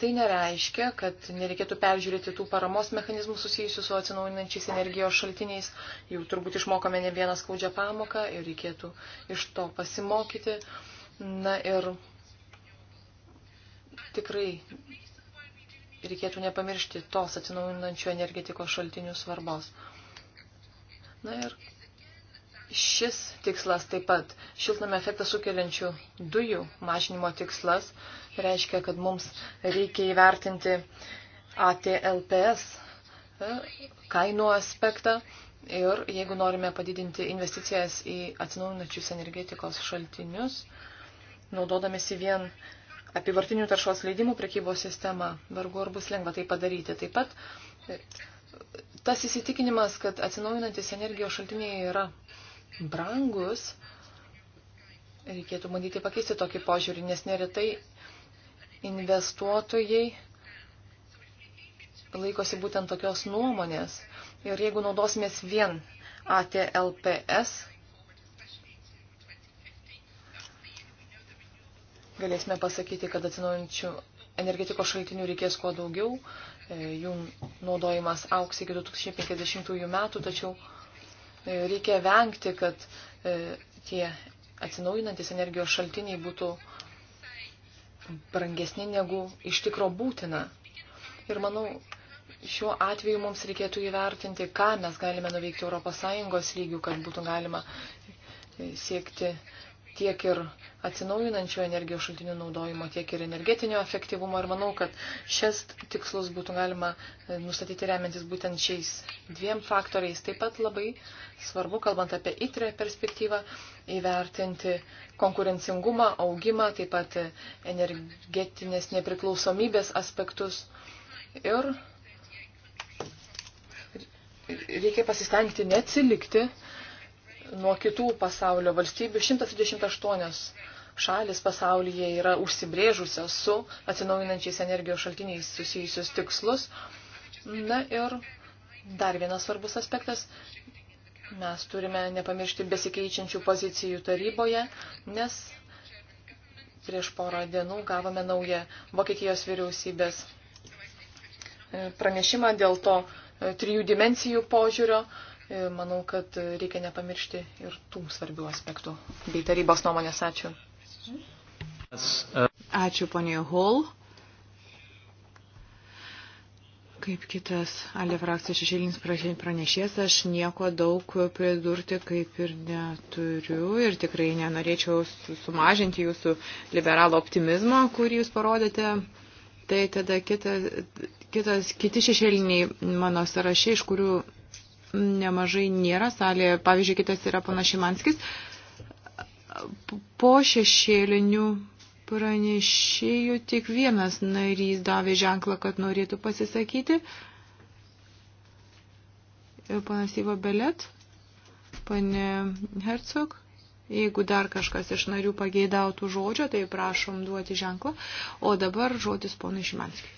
tai nereiškia, kad nereikėtų peržiūrėti tų paramos mechanizmų susijusių su atsinaujinančiais energijos šaltiniais. Jau turbūt išmokome ne vieną skaudžią pamoką ir reikėtų iš to pasimokyti. Na ir tikrai reikėtų nepamiršti tos atsinaujinančių energetikos šaltinių svarbos. Na ir šis tikslas taip pat šiltnamio efektą sukeliančių dujų mažinimo tikslas reiškia, kad mums reikia įvertinti ATLPS e, kainų aspektą ir jeigu norime padidinti investicijas į atsinaujinančius energetikos šaltinius, naudodamėsi vien apivartinių taršos leidimų prekybos sistemą, vargu ar bus lengva tai padaryti. Taip pat e, tas įsitikinimas, kad atsinaujinantis energijos šaltiniai yra brangus, reikėtų bandyti pakeisti tokį požiūrį, nes neretai investuotojai laikosi būtent tokios nuomonės. Ir jeigu naudosimės vien ATLPS galėsime pasakyti, kad atsinaujančių energetikos šaltinių reikės kuo daugiau, e, jų naudojimas auks iki 2050 metų, tačiau e, reikia vengti, kad e, tie atsinaujinantis energijos šaltiniai būtų brangesni negu iš tikro būtina. Ir manau, šiuo atveju mums reikėtų įvertinti, ką mes galime nuveikti ES lygių, kad būtų galima siekti tiek ir atsinaujinančių energijos šaltinių naudojimo, tiek ir energetinio efektyvumo. Ir manau, kad šias tikslus būtų galima e, nustatyti remiantis būtent šiais dviem faktoriais. Taip pat labai svarbu, kalbant apie įtrę perspektyvą, įvertinti konkurencingumą, augimą, taip pat energetinės nepriklausomybės aspektus. Ir reikia pasistengti neatsilikti nuo kitų pasaulio valstybių 128 šalis pasaulyje yra užsibrėžusios su atsinaujinančiais energijos šaltiniais susijusius tikslus. Na ir dar vienas svarbus aspektas. Mes turime nepamiršti besikeičiančių pozicijų taryboje, nes prieš porą dienų gavome naują Vokietijos vyriausybės e, pranešimą dėl to e, trijų dimensijų požiūrio, E, manau, kad reikia nepamiršti ir tų svarbių aspektų. Bei tarybos nuomonės ačiū. Ačiū, ponė Hall. Kaip kitas Alė frakcijos šešėlinis pranešės, aš nieko daug pridurti kaip ir neturiu ir tikrai nenorėčiau sumažinti jūsų liberalo optimizmo, kurį jūs parodėte. Tai tada kita, kitas, kiti šešėliniai mano sąrašai, iš kurių nemažai nėra salėje. Pavyzdžiui, kitas yra panašimanskis. Po šešėlinių pranešėjų tik vienas narys davė ženklą, kad norėtų pasisakyti. Panas Ivo Belet, pane Hercog. Jeigu dar kažkas iš narių pageidautų žodžio, tai prašom duoti ženklą. O dabar žodis ponui Šimanskiui.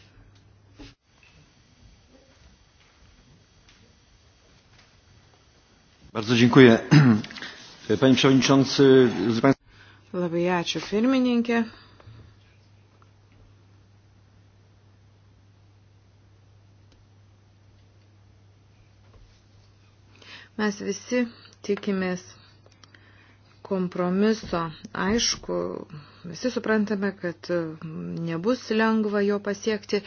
Bardzo dziękuję. <clears throat> Panie Przewodniczący. Labai ačiū pirmininkė. Mes visi tikimės kompromiso. Aišku, visi suprantame, kad nebus lengva jo pasiekti.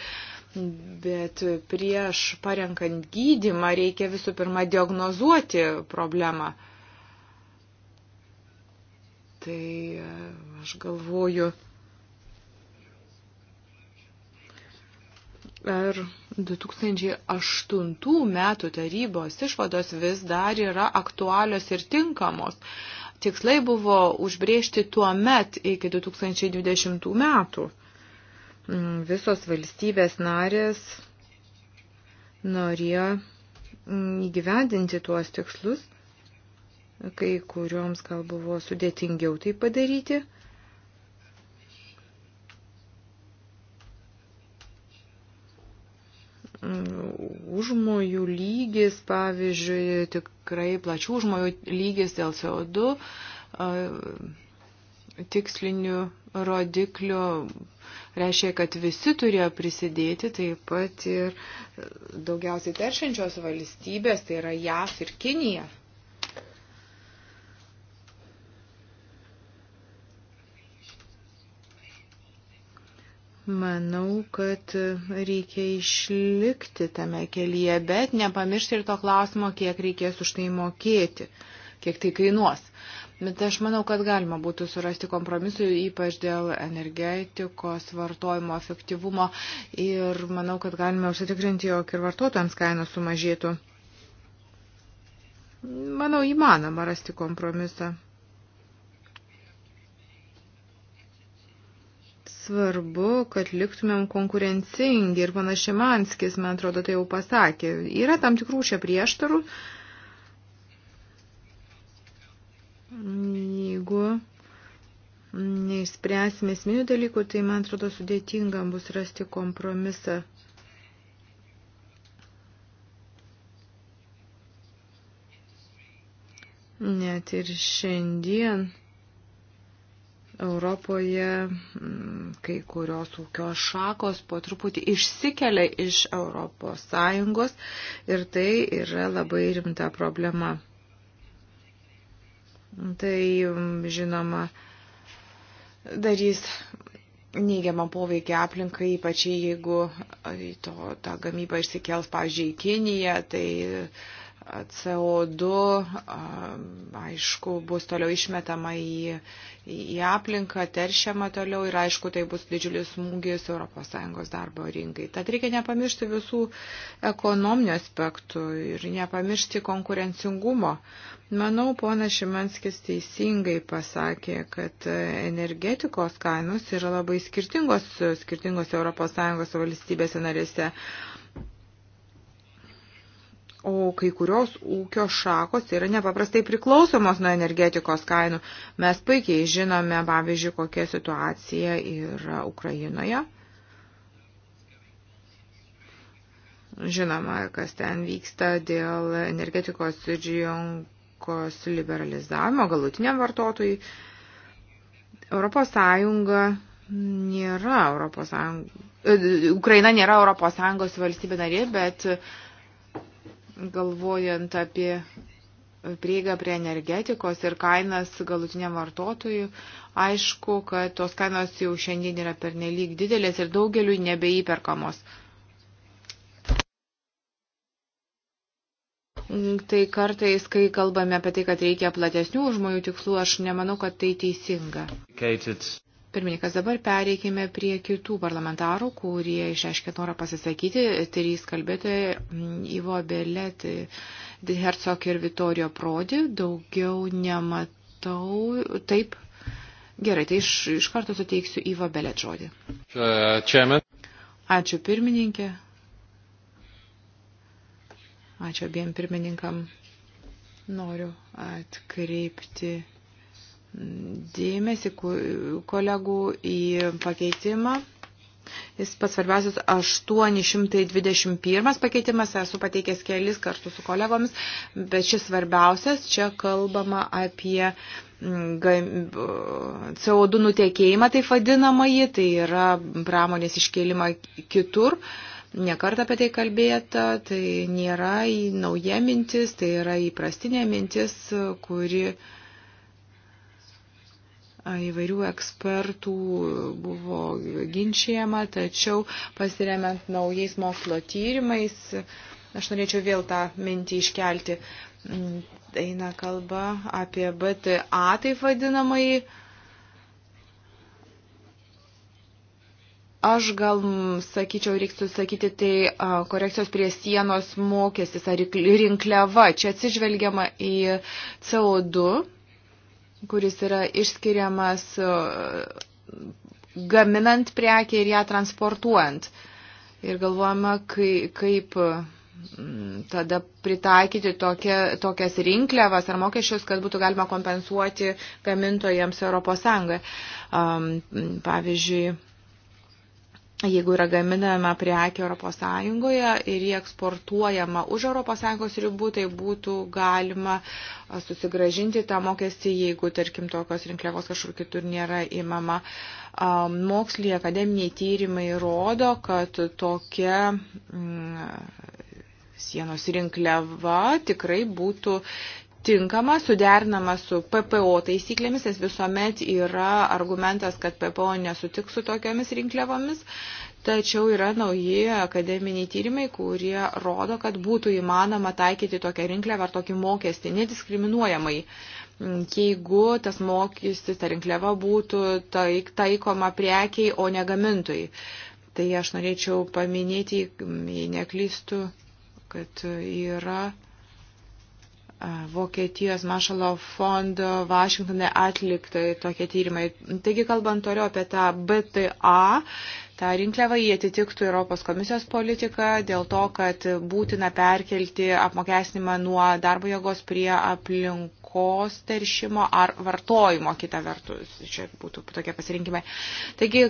Bet prieš parenkant gydimą reikia visų pirma diagnozuoti problemą. Tai e, aš galvoju, ar 2008 metų tarybos išvados vis dar yra aktualios ir tinkamos. Tikslai buvo užbriežti tuo met iki 2020 metų. Mm, visos valstybės narės norėjo mm, įgyvendinti tuos tikslus, kai kurioms gal buvo sudėtingiau tai padaryti. Mm, užmojų lygis, pavyzdžiui, tikrai plačių užmojų lygis dėl CO2 tikslinių rodiklių reiškia, kad visi turėjo prisidėti, taip pat ir daugiausiai teršiančios valstybės, tai yra JAF ir Kinija. Manau, kad reikia išlikti tame kelyje, bet nepamiršti ir to klausimo, kiek reikės už tai mokėti, kiek tai kainuos. Bet aš manau, kad galima būtų surasti kompromisų, ypač dėl energetikos vartojimo efektyvumo ir manau, kad galime užsitikrinti, jog ir vartotojams kainos sumažėtų. Manau, įmanoma rasti kompromisą. svarbu, kad liktumėm konkurencingi ir panašiai Manskis, man atrodo, tai jau pasakė. Yra tam tikrų čia prieštarų, Jeigu neįspręsime esminių dalykų, tai man atrodo sudėtinga bus rasti kompromisą. Net ir šiandien Europoje mm, kai kurios ūkio šakos po truputį išsikelia iš Europos Sąjungos ir tai yra labai rimta problema. Tai, mm, žinoma, darys neigiamą poveikį aplinkai, ypač jeigu to, ta gamyba išsikels, pavyzdžiui, į Kiniją, tai CO2, aišku, bus toliau išmetama į, į aplinką, teršiama toliau ir, aišku, tai bus didžiulis smūgis ES darbo rinkai. Tad reikia nepamiršti visų ekonominių aspektų ir nepamiršti konkurencingumo. Manau, ponas Šimanskis teisingai pasakė, kad energetikos kainos yra labai skirtingos, skirtingos ES valstybėse narėse. O kai kurios ūkio šakos yra nepaprastai priklausomos nuo energetikos kainų. Mes puikiai žinome, pavyzdžiui, kokia situacija yra Ukrainoje. Žinoma, kas ten vyksta dėl energetikos džiungos liberalizavimo galutiniam vartotojui. Europos Sąjunga nėra Europos Sąjunga. E, Ukraina nėra Europos Sąjungos valstybė narė, bet uh, galvojant apie prieigą prie energetikos ir kainas galutiniam vartotojui, aišku, kad tos kainos jau šiandien yra pernelyg didelės ir daugeliu nebeįperkamos. Tai kartais, kai kalbame apie tai, kad reikia platesnių žmonių tikslų, aš nemanau, kad tai teisinga. Kated. Pirmininkas, dabar pereikime prie kitų parlamentarų, kurie išreiškė norą pasisakyti. Trys kalbėtojai mm, - Ivo Belet, Herzog ir Vittorio Prodi. Daugiau nematau. Taip. Gerai, tai iš, iš karto suteiksiu Ivo Belet žodį. Čiame. Ačiū pirmininkė. Ačiū abiem pirmininkam. Noriu atkreipti dėmesį kolegų į pakeitimą. Jis pats svarbiausias 821 pakeitimas, esu pateikęs kelis kartus su kolegomis, bet šis svarbiausias, čia kalbama apie mm, CO2 nutekėjimą, tai vadinamąjį, tai yra pramonės iškėlimą kitur nekart apie tai kalbėta, tai nėra nauja mintis, tai yra įprastinė mintis, kuri uh, įvairių ekspertų buvo ginčiama, tačiau pasiremiant naujais mokslo tyrimais, aš norėčiau vėl tą mintį iškelti, eina kalba apie BTA, taip vadinamai. Aš gal sakyčiau, reiktų sakyti, tai korekcijos prie sienos mokestis ar rinkliava. Čia atsižvelgiama į CO2 kuris yra išskiriamas e, gaminant prekį ir ją transportuojant. Ir galvojama, kaip mm, tada pritaikyti tokia, tokias rinkliavas ar mokesčius, kad būtų galima kompensuoti gamintojams Europos Sąjungoje. Um, pavyzdžiui, jeigu yra gaminama prekė Europos Sąjungoje ir jie eksportuojama už Europos Sąjungos ribų, tai būtų galima susigražinti tą mokestį, jeigu, tarkim, tokios rinkliavos kažkur kitur nėra įmama. Moksliniai akademiniai tyrimai rodo, kad tokia mm, sienos rinkliava tikrai būtų tinkama, suderinama su PPO taisyklėmis, nes visuomet yra argumentas, kad PPO nesutiks su tokiamis rinkliavomis, tačiau yra nauji akademiniai tyrimai, kurie rodo, kad būtų įmanoma taikyti tokią rinkliavą ar tokį mokestį nediskriminuojamai jeigu tas mokestis, ta rinkliava būtų taik, taikoma prekiai, o ne gamintojai. Tai aš norėčiau paminėti, jei neklystu, kad yra Vokietijos Mašalo fondo Vašingtonė atlikta tokie tyrimai. Taigi, kalbant toliau apie tą BTA, tą rinkliavą jie atitiktų Europos komisijos politiką dėl to, kad būtina perkelti apmokesnimą nuo darbo jėgos prie aplinkos teršimo ar vartojimo, kita vertus, čia būtų tokie pasirinkimai. Taigi,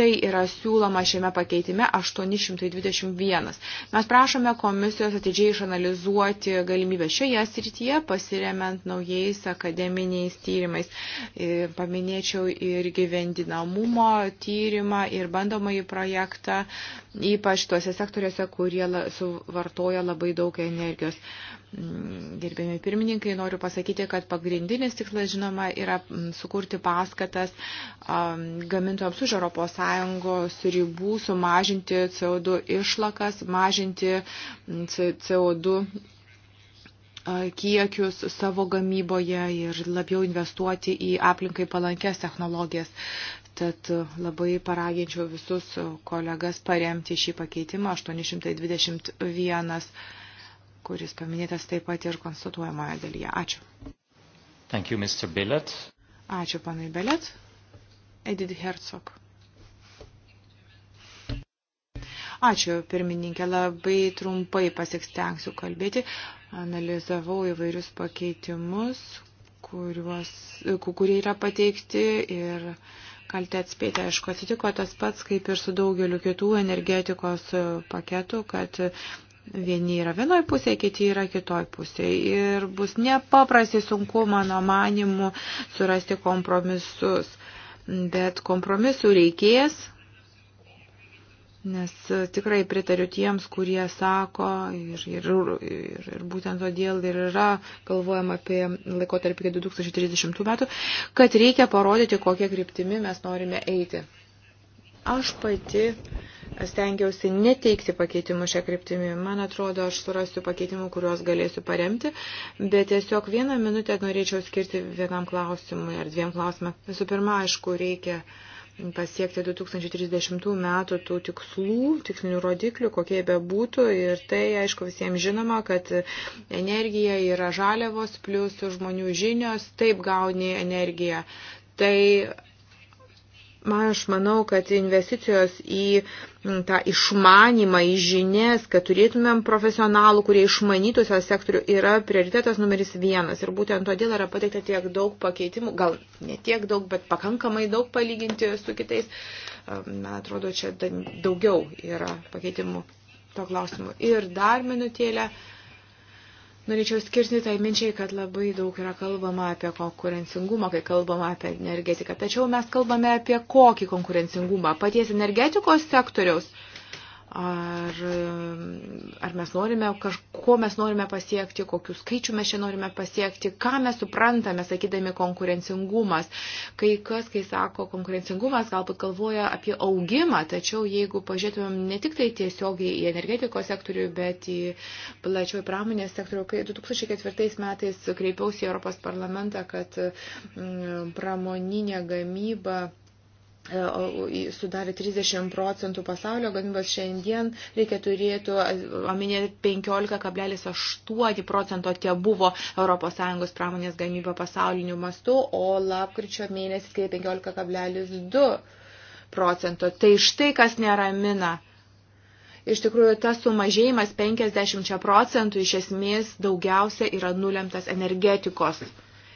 tai yra siūloma šiame pakeitime 821. Mes prašome komisijos atidžiai išanalizuoti galimybę šioje srityje, pasiremiant naujais akademiniais tyrimais. E, paminėčiau ir gyvendinamumo tyrimą ir bandomąjį projektą ypač tuose sektoriuose, kurie suvartoja labai daug energijos. Mm, Gerbėmi pirmininkai, noriu pasakyti, kad pagrindinis tikslas, žinoma, yra mm, sukurti paskatas gamintojams už ES ribų, sumažinti CO2 išlakas, mažinti mm, CO2 kiekius savo gamyboje ir labiau investuoti į aplinkai palankės technologijas. Tad labai paraginčiau visus kolegas paremti šį pakeitimą 821, kuris paminėtas taip pat ir konstatuojamoje dalyje. Ačiū. Thank you, Mr. Billet. Ačiū, panai Belet. Edith Herzog. Ačiū, pirmininkė, labai trumpai pasikstengsiu kalbėti. Analizavau įvairius pakeitimus, kuriuos, kurie yra pateikti ir uh, galite atspėti, aišku, atsitiko tas pats, kaip ir su daugeliu kitų energetikos e, paketų, kad vieni yra vienoj pusėje, kiti yra kitoj pusėje. Ir bus nepaprastai sunku, mano manimu, surasti kompromisus. Bet kompromisų reikės, Nes e, tikrai pritariu tiems, kurie sako ir, ir, ir, ir būtent todėl ir yra galvojama apie laikotarpį iki 2030 metų, kad reikia parodyti, kokie kryptimi mes norime eiti. Aš pati stengiausi neteikti pakeitimų šią kryptimį. Man atrodo, aš surasiu pakeitimų, kuriuos galėsiu paremti, bet tiesiog vieną minutę norėčiau skirti vienam klausimui ar dviem klausimam. Visų pirma, aišku, reikia uh, pasiekti 2030 metų tų tikslų, tikslinių rodiklių, kokie be būtų. Ir tai, aišku, visiems žinoma, kad energija yra žaliavos plus žmonių žinios, taip gauni energiją. Tai Man aš manau, kad investicijos į tą išmanimą, į žinias, kad turėtumėm profesionalų, kurie išmanytų savo sektorių, yra prioritetas numeris vienas. Ir būtent todėl yra pateikta tiek daug pakeitimų, gal ne tiek daug, bet pakankamai daug palyginti su kitais. Man atrodo, čia daugiau yra pakeitimų to klausimu. Ir dar minutėlę. Uh, Norėčiau skirti tai minčiai, kad labai daug yra kalbama apie konkurencingumą, kai kalbama apie energetiką. Tačiau mes kalbame apie kokį konkurencingumą? Paties energetikos sektoriaus? ar, ar mes norime, kažko mes norime pasiekti, kokiu skaičiu mes čia norime pasiekti, ką mes suprantame, sakydami konkurencingumas. Kai kas, kai sako konkurencingumas, galbūt galvoja apie augimą, tačiau jeigu pažiūrėtumėm ne tik tai tiesiogiai į energetikos sektorių, bet į plačioj pramonės sektorių, kai 2004 metais kreipiausi į Europos parlamentą, kad pramoninė gamyba E, sudarė 30 procentų pasaulio gamybos šiandien, reikia turėti e, omenyje 15,8 procento tie buvo ES pramonės gamyba pasauliniu mastu, o lapkričio mėnesį kai 15,2 procento. Tai štai kas neramina. Iš tikrųjų, tas sumažėjimas 50 procentų iš esmės daugiausia yra nulemtas energetikos.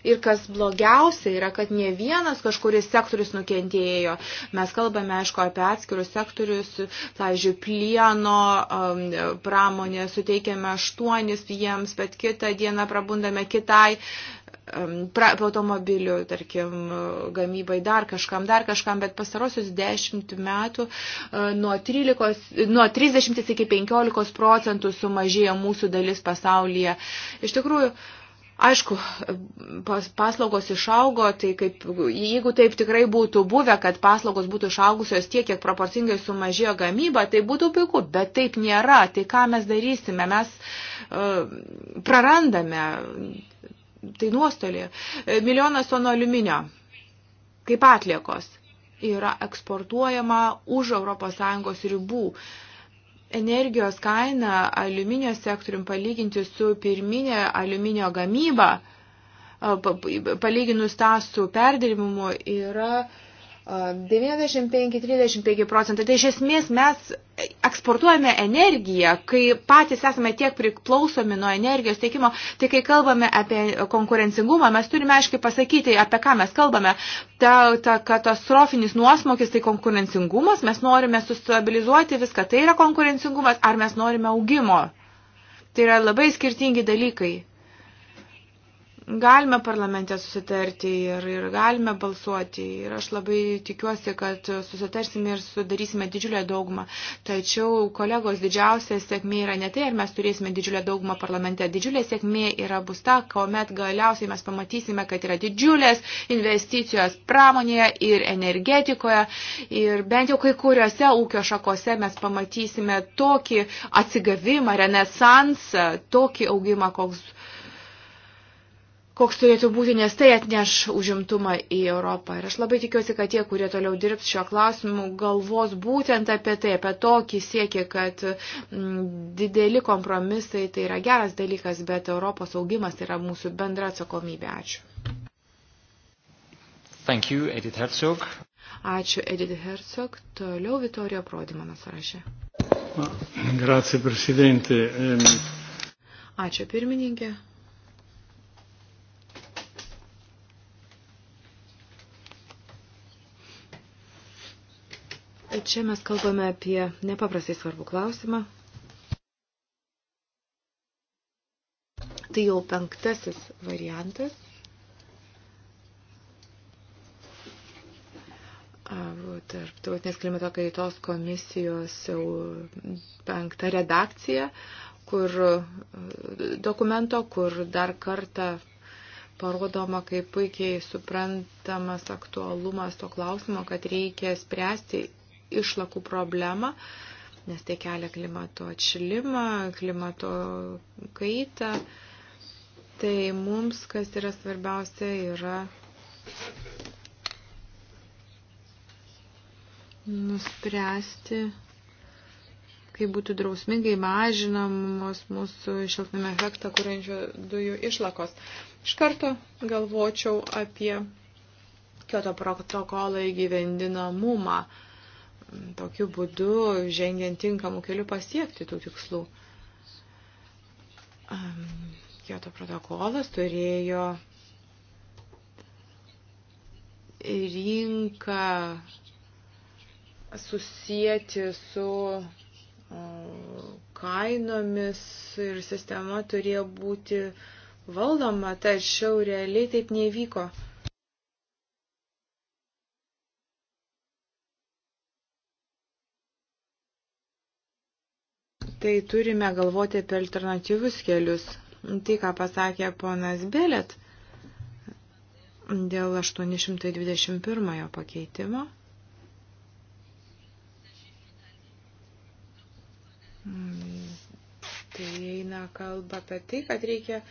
Ir kas blogiausia yra, kad ne vienas kažkuris sektorius nukentėjo. Mes kalbame, aišku, apie atskirus sektorius, pavyzdžiui, plieno pramonė, suteikiame aštuonis jiems, bet kitą dieną prabundame kitai pra, automobilių, tarkim, gamybai, dar kažkam, dar kažkam, bet pastarosius 10 metų nuo, 13, nuo 30 iki 15 procentų sumažėjo mūsų dalis pasaulyje. Iš tikrųjų, Aišku, pas, paslaugos išaugo, tai kaip, jeigu taip tikrai būtų buvę, kad paslaugos būtų išaugusios tiek, kiek proporcingai sumažėjo gamyba, tai būtų puiku, bet taip nėra. Tai ką mes darysime? Mes uh, prarandame, tai nuostolį, e, milijonas tonų aliuminio kaip atliekos yra eksportuojama už ES ribų. Uh, energijos kainą aliuminio sektorium palyginti su pirminė aliuminio gamyba, palyginus tą su perdirbimu, yra 95-35 procentai. Tai iš esmės mes eksportuojame energiją, kai patys esame tiek priklausomi nuo energijos teikimo, tai kai kalbame apie konkurencingumą, mes turime aiškiai pasakyti, apie ką mes kalbame. Ta, ta katastrofinis nuosmokis tai konkurencingumas, mes norime sustabilizuoti viską, tai yra konkurencingumas, ar mes norime augimo. Tai yra labai skirtingi dalykai galime parlamente susitarti ir, ir galime balsuoti. Ir aš labai tikiuosi, kad susitarsime ir sudarysime didžiulę daugumą. Tačiau, kolegos, didžiausia sėkmė yra ne tai, ar mes turėsime didžiulę daugumą parlamente. Didžiulė sėkmė yra bus ta, kuomet galiausiai mes pamatysime, kad yra didžiulės investicijos pramonėje ir energetikoje. Ir bent jau kai kuriuose ūkio šakose mes pamatysime tokį atsigavimą, renesansą, tokį augimą, koks koks turėtų būti, nes tai atneš užimtumą į Europą. Ir aš labai tikiuosi, kad tie, kurie toliau dirbs šio klausimu, galvos būtent apie tai, apie tokį siekį, kad mm, dideli kompromisai tai yra geras dalykas, bet Europos augimas tai yra mūsų bendra atsakomybė. Ačiū. Thank you, Edith Herzog. Ačiū, Edith Herzog. Toliau Vitorijo Prodi mano sąraše. Grazie, Presidente. Ehm, Ačiū, pirmininkė. Čia mes kalbame apie nepaprastai svarbų klausimą. Tai jau penktasis variantas. Tarptautinės klimato kaitos komisijos jau penktą redakciją, kur dokumento, kur dar kartą parodoma, kaip puikiai suprantamas aktualumas to klausimo, kad reikia spręsti išlakų problemą, nes tai kelia klimato atšilimą, klimato kaitą. Tai mums, kas yra svarbiausia, yra nuspręsti, kaip būtų drausmingai mažinamos mūsų šiltnamio efektą kuriančių dujų išlakos. Iš karto galvočiau apie Kioto protokolo įgyvendinamumą. Uh, tokiu būdu, žengiant tinkamų kelių, pasiekti tų tikslų. Kioto protokolas turėjo rinką susijęti su kainomis ir sistema turėjo būti valdoma, tačiau realiai taip nevyko. tai turime galvoti apie alternatyvius kelius. Tai, ką pasakė ponas Belėt dėl 821 pakeitimo. Tai eina kalba apie tai, kad reikia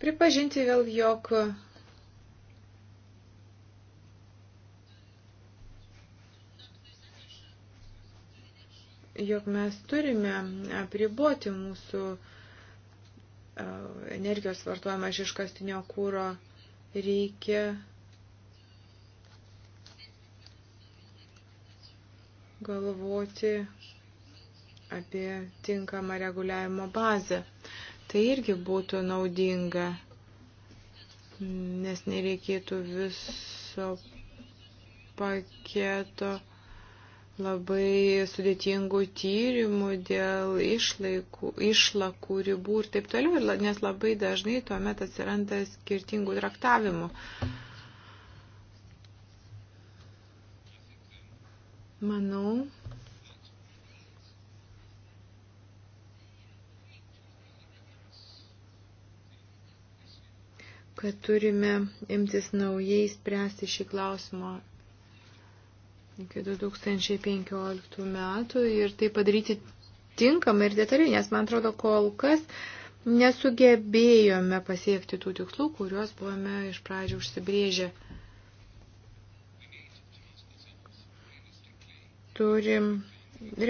pripažinti vėl, jog jog mes turime apriboti mūsų energijos vartojimą iš iškastinio kūro. Reikia galvoti apie tinkamą reguliavimo bazę. Tai irgi būtų naudinga, nes nereikėtų viso paketo labai sudėtingų tyrimų dėl išlaikų, išlakų ribų ir taip toliau, nes labai dažnai tuomet atsiranda skirtingų traktavimų. Manau, kad turime imtis naujai spręsti šį klausimą iki 2015 metų ir tai padaryti tinkamai ir detaliai, nes man atrodo, kol kas nesugebėjome pasiekti tų tikslų, kuriuos buvome iš pradžių užsibrėžę. Turim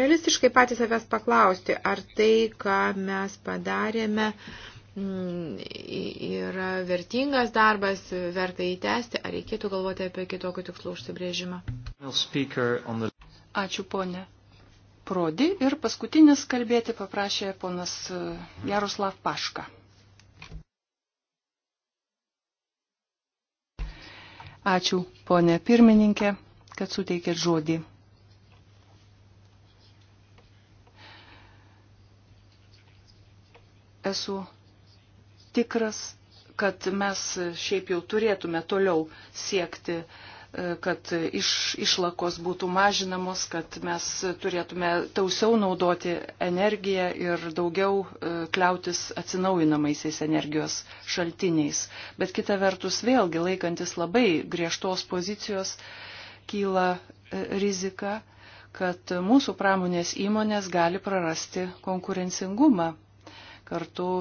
realistiškai patys savęs paklausti, ar tai, ką mes padarėme, uh, Mm, yra vertingas darbas, verta įtęsti, ar reikėtų galvoti apie kitokio tikslo užsibrėžimą. Ačiū, ponė. Prodi ir paskutinis kalbėti paprašė ponas e, Jaroslav Paška. Ačiū, ponė pirmininkė, kad suteikėt žodį. Esu tikras, kad mes šiaip jau turėtume toliau siekti e, kad iš, išlakos būtų mažinamos, kad mes turėtume tausiau naudoti energiją ir daugiau e, kliautis atsinaujinamaisiais energijos šaltiniais. Bet kita vertus, vėlgi laikantis labai griežtos pozicijos, kyla e, rizika, kad mūsų pramonės įmonės gali prarasti konkurencingumą. Kartu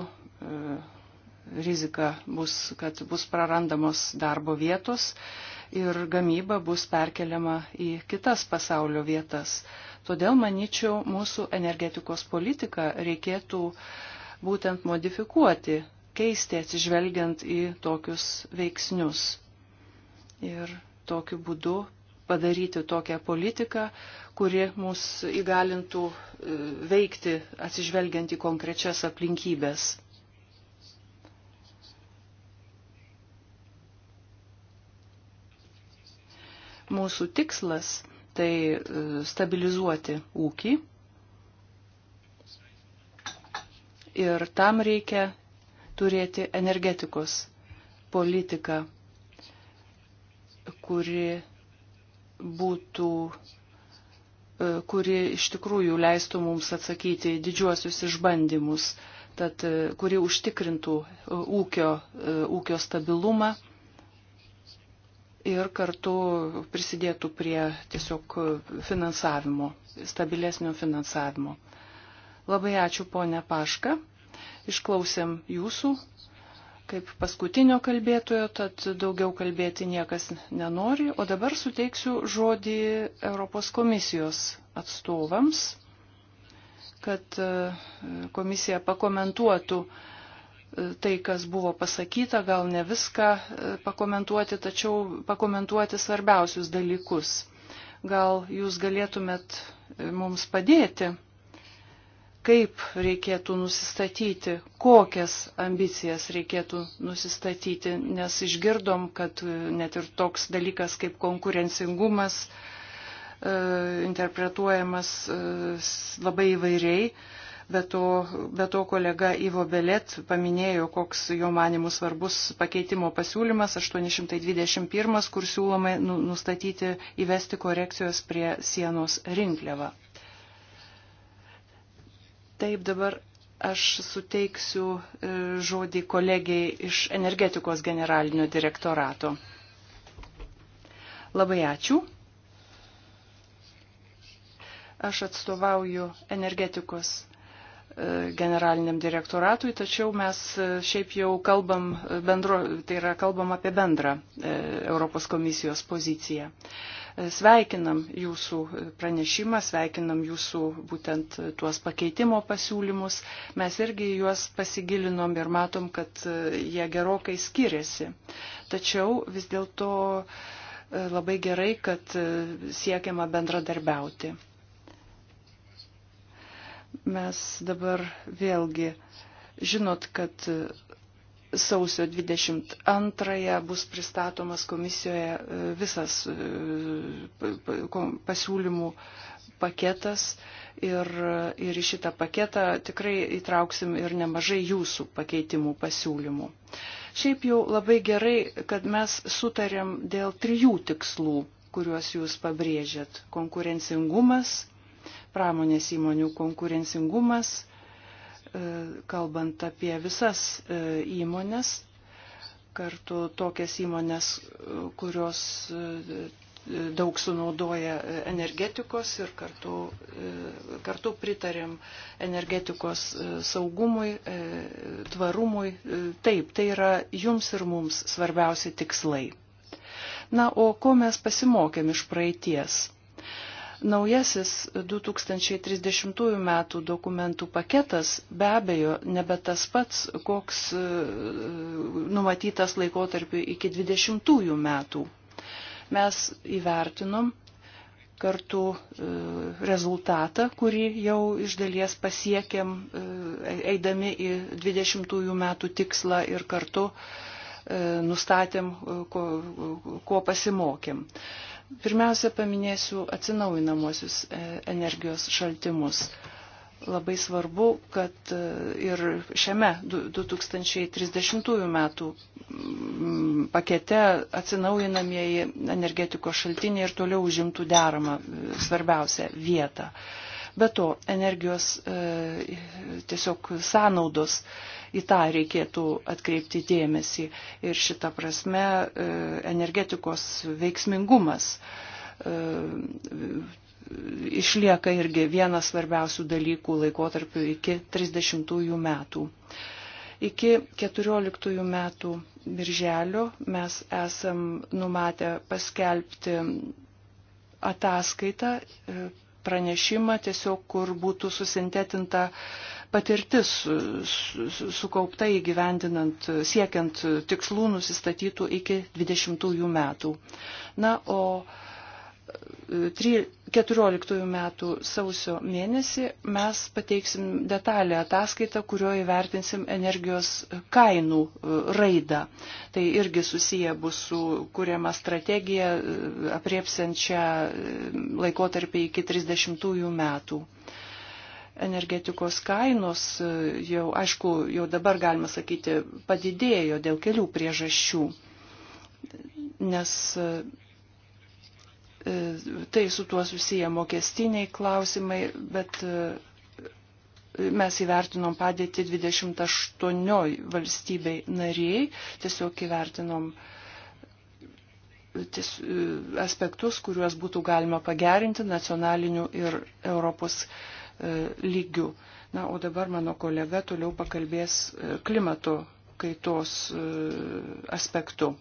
rizika bus, kad bus prarandamos darbo vietos ir gamyba bus perkeliama į kitas pasaulio vietas. Todėl, manyčiau, mūsų energetikos politiką reikėtų būtent modifikuoti, keisti atsižvelgiant į tokius veiksnius. Ir tokiu būdu padaryti tokią politiką, kuri mus įgalintų e, veikti atsižvelgiant į konkrečias aplinkybės. Mūsų tikslas tai e, stabilizuoti ūkį ir tam reikia turėti energetikos politiką, kuri būtų e, kuri iš tikrųjų leistų mums atsakyti didžiuosius išbandymus, tad e, kuri užtikrintų ūkio, ūkio stabilumą ir kartu prisidėtų prie tiesiog finansavimo, stabilesnio finansavimo. Labai ačiū ponė Paška, išklausėm jūsų kaip paskutinio kalbėtojo, tad daugiau kalbėti niekas nenori, o dabar suteiksiu žodį Europos komisijos atstovams, kad e, komisija pakomentuotų uh, tai, kas buvo pasakyta, gal ne viską e, pakomentuoti, tačiau pakomentuoti svarbiausius dalykus. Gal jūs galėtumėt e, mums padėti, kaip reikėtų nusistatyti, kokias ambicijas reikėtų nusistatyti, nes išgirdom, kad e, net ir toks dalykas kaip konkurencingumas interpretuojamas labai įvairiai Be to, be to kolega Ivo Belet paminėjo, koks jo manimų svarbus pakeitimo pasiūlymas 821, kur siūloma nu, nustatyti įvesti korekcijos prie sienos rinkliavą. Taip dabar aš suteiksiu e, žodį kolegijai iš energetikos generalinio direktorato. Labai ačiū. Aš atstovauju energetikos E, generaliniam direktoratui, tačiau mes e, šiaip jau kalbam, e, bendro, tai yra kalbam apie bendrą Europos komisijos poziciją. Sveikinam jūsų pranešimą, sveikinam jūsų būtent tuos pakeitimo pasiūlymus. Mes irgi juos pasigilinom ir matom, kad jie gerokai skiriasi. Tačiau vis dėlto labai gerai, kad siekiama bendradarbiauti mes dabar vėlgi žinot, kad sausio 22 bus pristatomas komisijoje e, visas e, pasiūlymų paketas ir, ir į šitą paketą tikrai įtrauksim ir nemažai jūsų pakeitimų pasiūlymų. Šiaip jau labai gerai, kad mes sutarėm dėl trijų tikslų, kuriuos jūs pabrėžėt - konkurencingumas, pramonės įmonių konkurencingumas, e, kalbant apie visas e, įmonės, kartu tokias įmonės, e, kurios daug sunaudoja energetikos ir kartu, kartu pritarėm energetikos saugumui, tvarumui. Taip, tai yra jums ir mums svarbiausi tikslai. Na, o ko mes pasimokėm iš praeities? Naujasis 2030 m. dokumentų paketas be abejo nebe tas pats, koks e, numatytas laikotarpiu iki 20 metų. Mes įvertinom kartu e, rezultatą, kurį jau iš dalies pasiekėm, e, eidami į 20 metų tikslą ir kartu nustatėm, ko, ko pasimokėm. Pirmiausia, paminėsiu atsinaujinamosius e, energijos šaltimus. Labai svarbu, kad e, ir šiame 2030 metų pakete atsinaujinamieji energetikos šaltiniai ir toliau užimtų deramą e, svarbiausią vietą. Uh, Be to, energijos e, tiesiog sąnaudos į tą reikėtų atkreipti dėmesį ir šitą prasme e, energetikos veiksmingumas e, išlieka irgi vienas svarbiausių dalykų laikotarpiu iki 30 metų. Iki 14 metų birželio mes esam numatę paskelbti ataskaitą e, pranešimą, tiesiog kur būtų susintetinta patirtis sukaupta įgyvendinant, siekiant tikslų nusistatytų iki 20 metų. Na, o 14 metų sausio mėnesį mes pateiksim detalę ataskaitą, kurioje vertinsim energijos kainų e, raidą. Tai irgi susiję bus su kuriama strategija e, apriepsiančia e, laikotarpį iki 30 metų energetikos kainos jau, aišku, jau dabar galima sakyti, padidėjo dėl kelių priežasčių, nes E, tai su tuo susiję mokestiniai klausimai, bet e, mes įvertinom padėtį 28 valstybei nariai, tiesiog įvertinom e, ties, aspektus, kuriuos būtų galima pagerinti nacionaliniu ir Europos lygiu. Na, o dabar mano kolega toliau pakalbės klimato kaitos aspektu.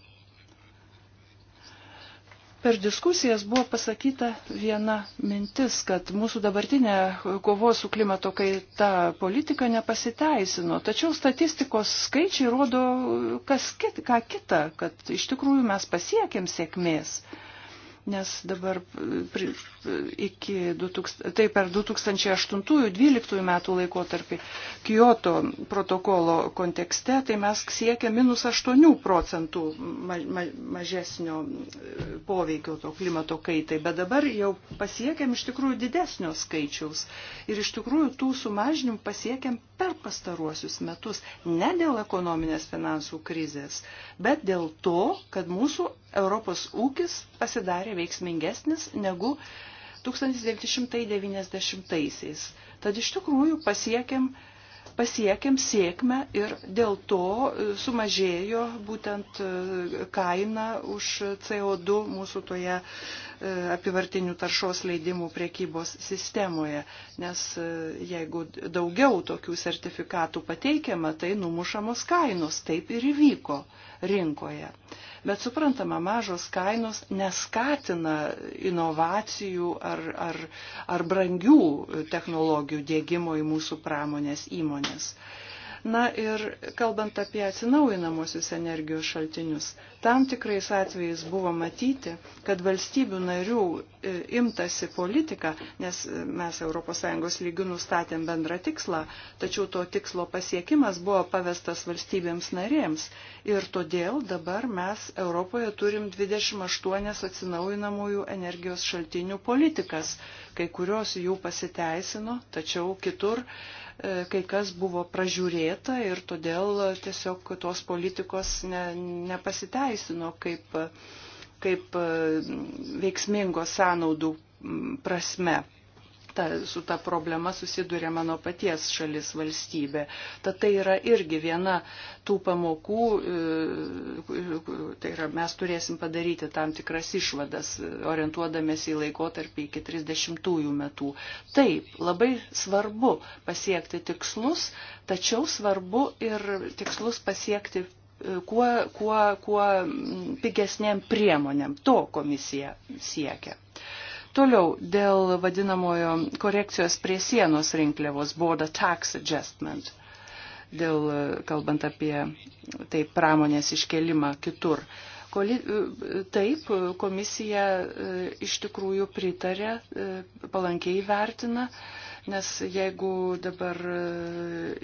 Per diskusijas buvo pasakyta viena mintis, kad mūsų dabartinė kovos su klimato kaita politika nepasiteisino, tačiau statistikos skaičiai rodo kas kit, ką kita, kad iš tikrųjų mes pasiekėm sėkmės, nes dabar pri, iki 2000, tai per 2008-2012 metų laikotarpį Kyoto protokolo kontekste, tai mes siekia minus 8 procentų mažesnio e, poveikio to klimato kaitai, bet dabar jau pasiekėm iš tikrųjų didesnio skaičiaus ir iš tikrųjų tų sumažinimų pasiekėm per pastaruosius metus, ne dėl ekonominės finansų krizės, bet dėl to, kad mūsų Europos ūkis pasidarė veiksmingesnis negu 1990-aisiais. Tad iš tikrųjų pasiekėm, pasiekėm sėkmę ir dėl to e, sumažėjo būtent e, kaina už CO2 mūsų toje E, apivartinių taršos leidimų priekybos sistemoje, nes e, jeigu daugiau tokių sertifikatų pateikiama, tai numušamos kainos, taip ir įvyko rinkoje. Bet suprantama, mažos kainos neskatina inovacijų ar, ar, ar brangių technologijų dėgymo į mūsų pramonės įmonės. Uh, Na ir kalbant apie atsinaujinamosius energijos šaltinius, tam tikrais atvejais buvo matyti, kad valstybių narių e, imtasi politika, nes e, mes ES lygių nustatėm bendrą tikslą, tačiau to tikslo pasiekimas buvo pavestas valstybėms narėms. Ir todėl dabar mes Europoje turim 28 atsinaujinamųjų energijos šaltinių politikas, kai kurios jų pasiteisino, tačiau kitur E, kai kas buvo pražiūrėta ir todėl tiesiog tos politikos ne, nepasiteisino kaip, kaip e, veiksmingos sąnaudų prasme ta, su ta problema susiduria mano paties šalis valstybė. Tad tai yra irgi viena tų pamokų, e, tai yra mes turėsim padaryti tam tikras išvadas, orientuodamėsi į laikotarpį iki 30-ųjų metų. Taip, labai svarbu pasiekti tikslus, tačiau svarbu ir tikslus pasiekti e, kuo, kuo, kuo pigesnėm priemonėm. To komisija siekia. Toliau dėl vadinamojo korekcijos prie sienos rinkliavos Border Tax Adjustment, dėl, kalbant apie tai pramonės iškelimą kitur. Koli, taip, komisija e, iš tikrųjų pritarė, e, palankiai vertina, nes jeigu dabar e,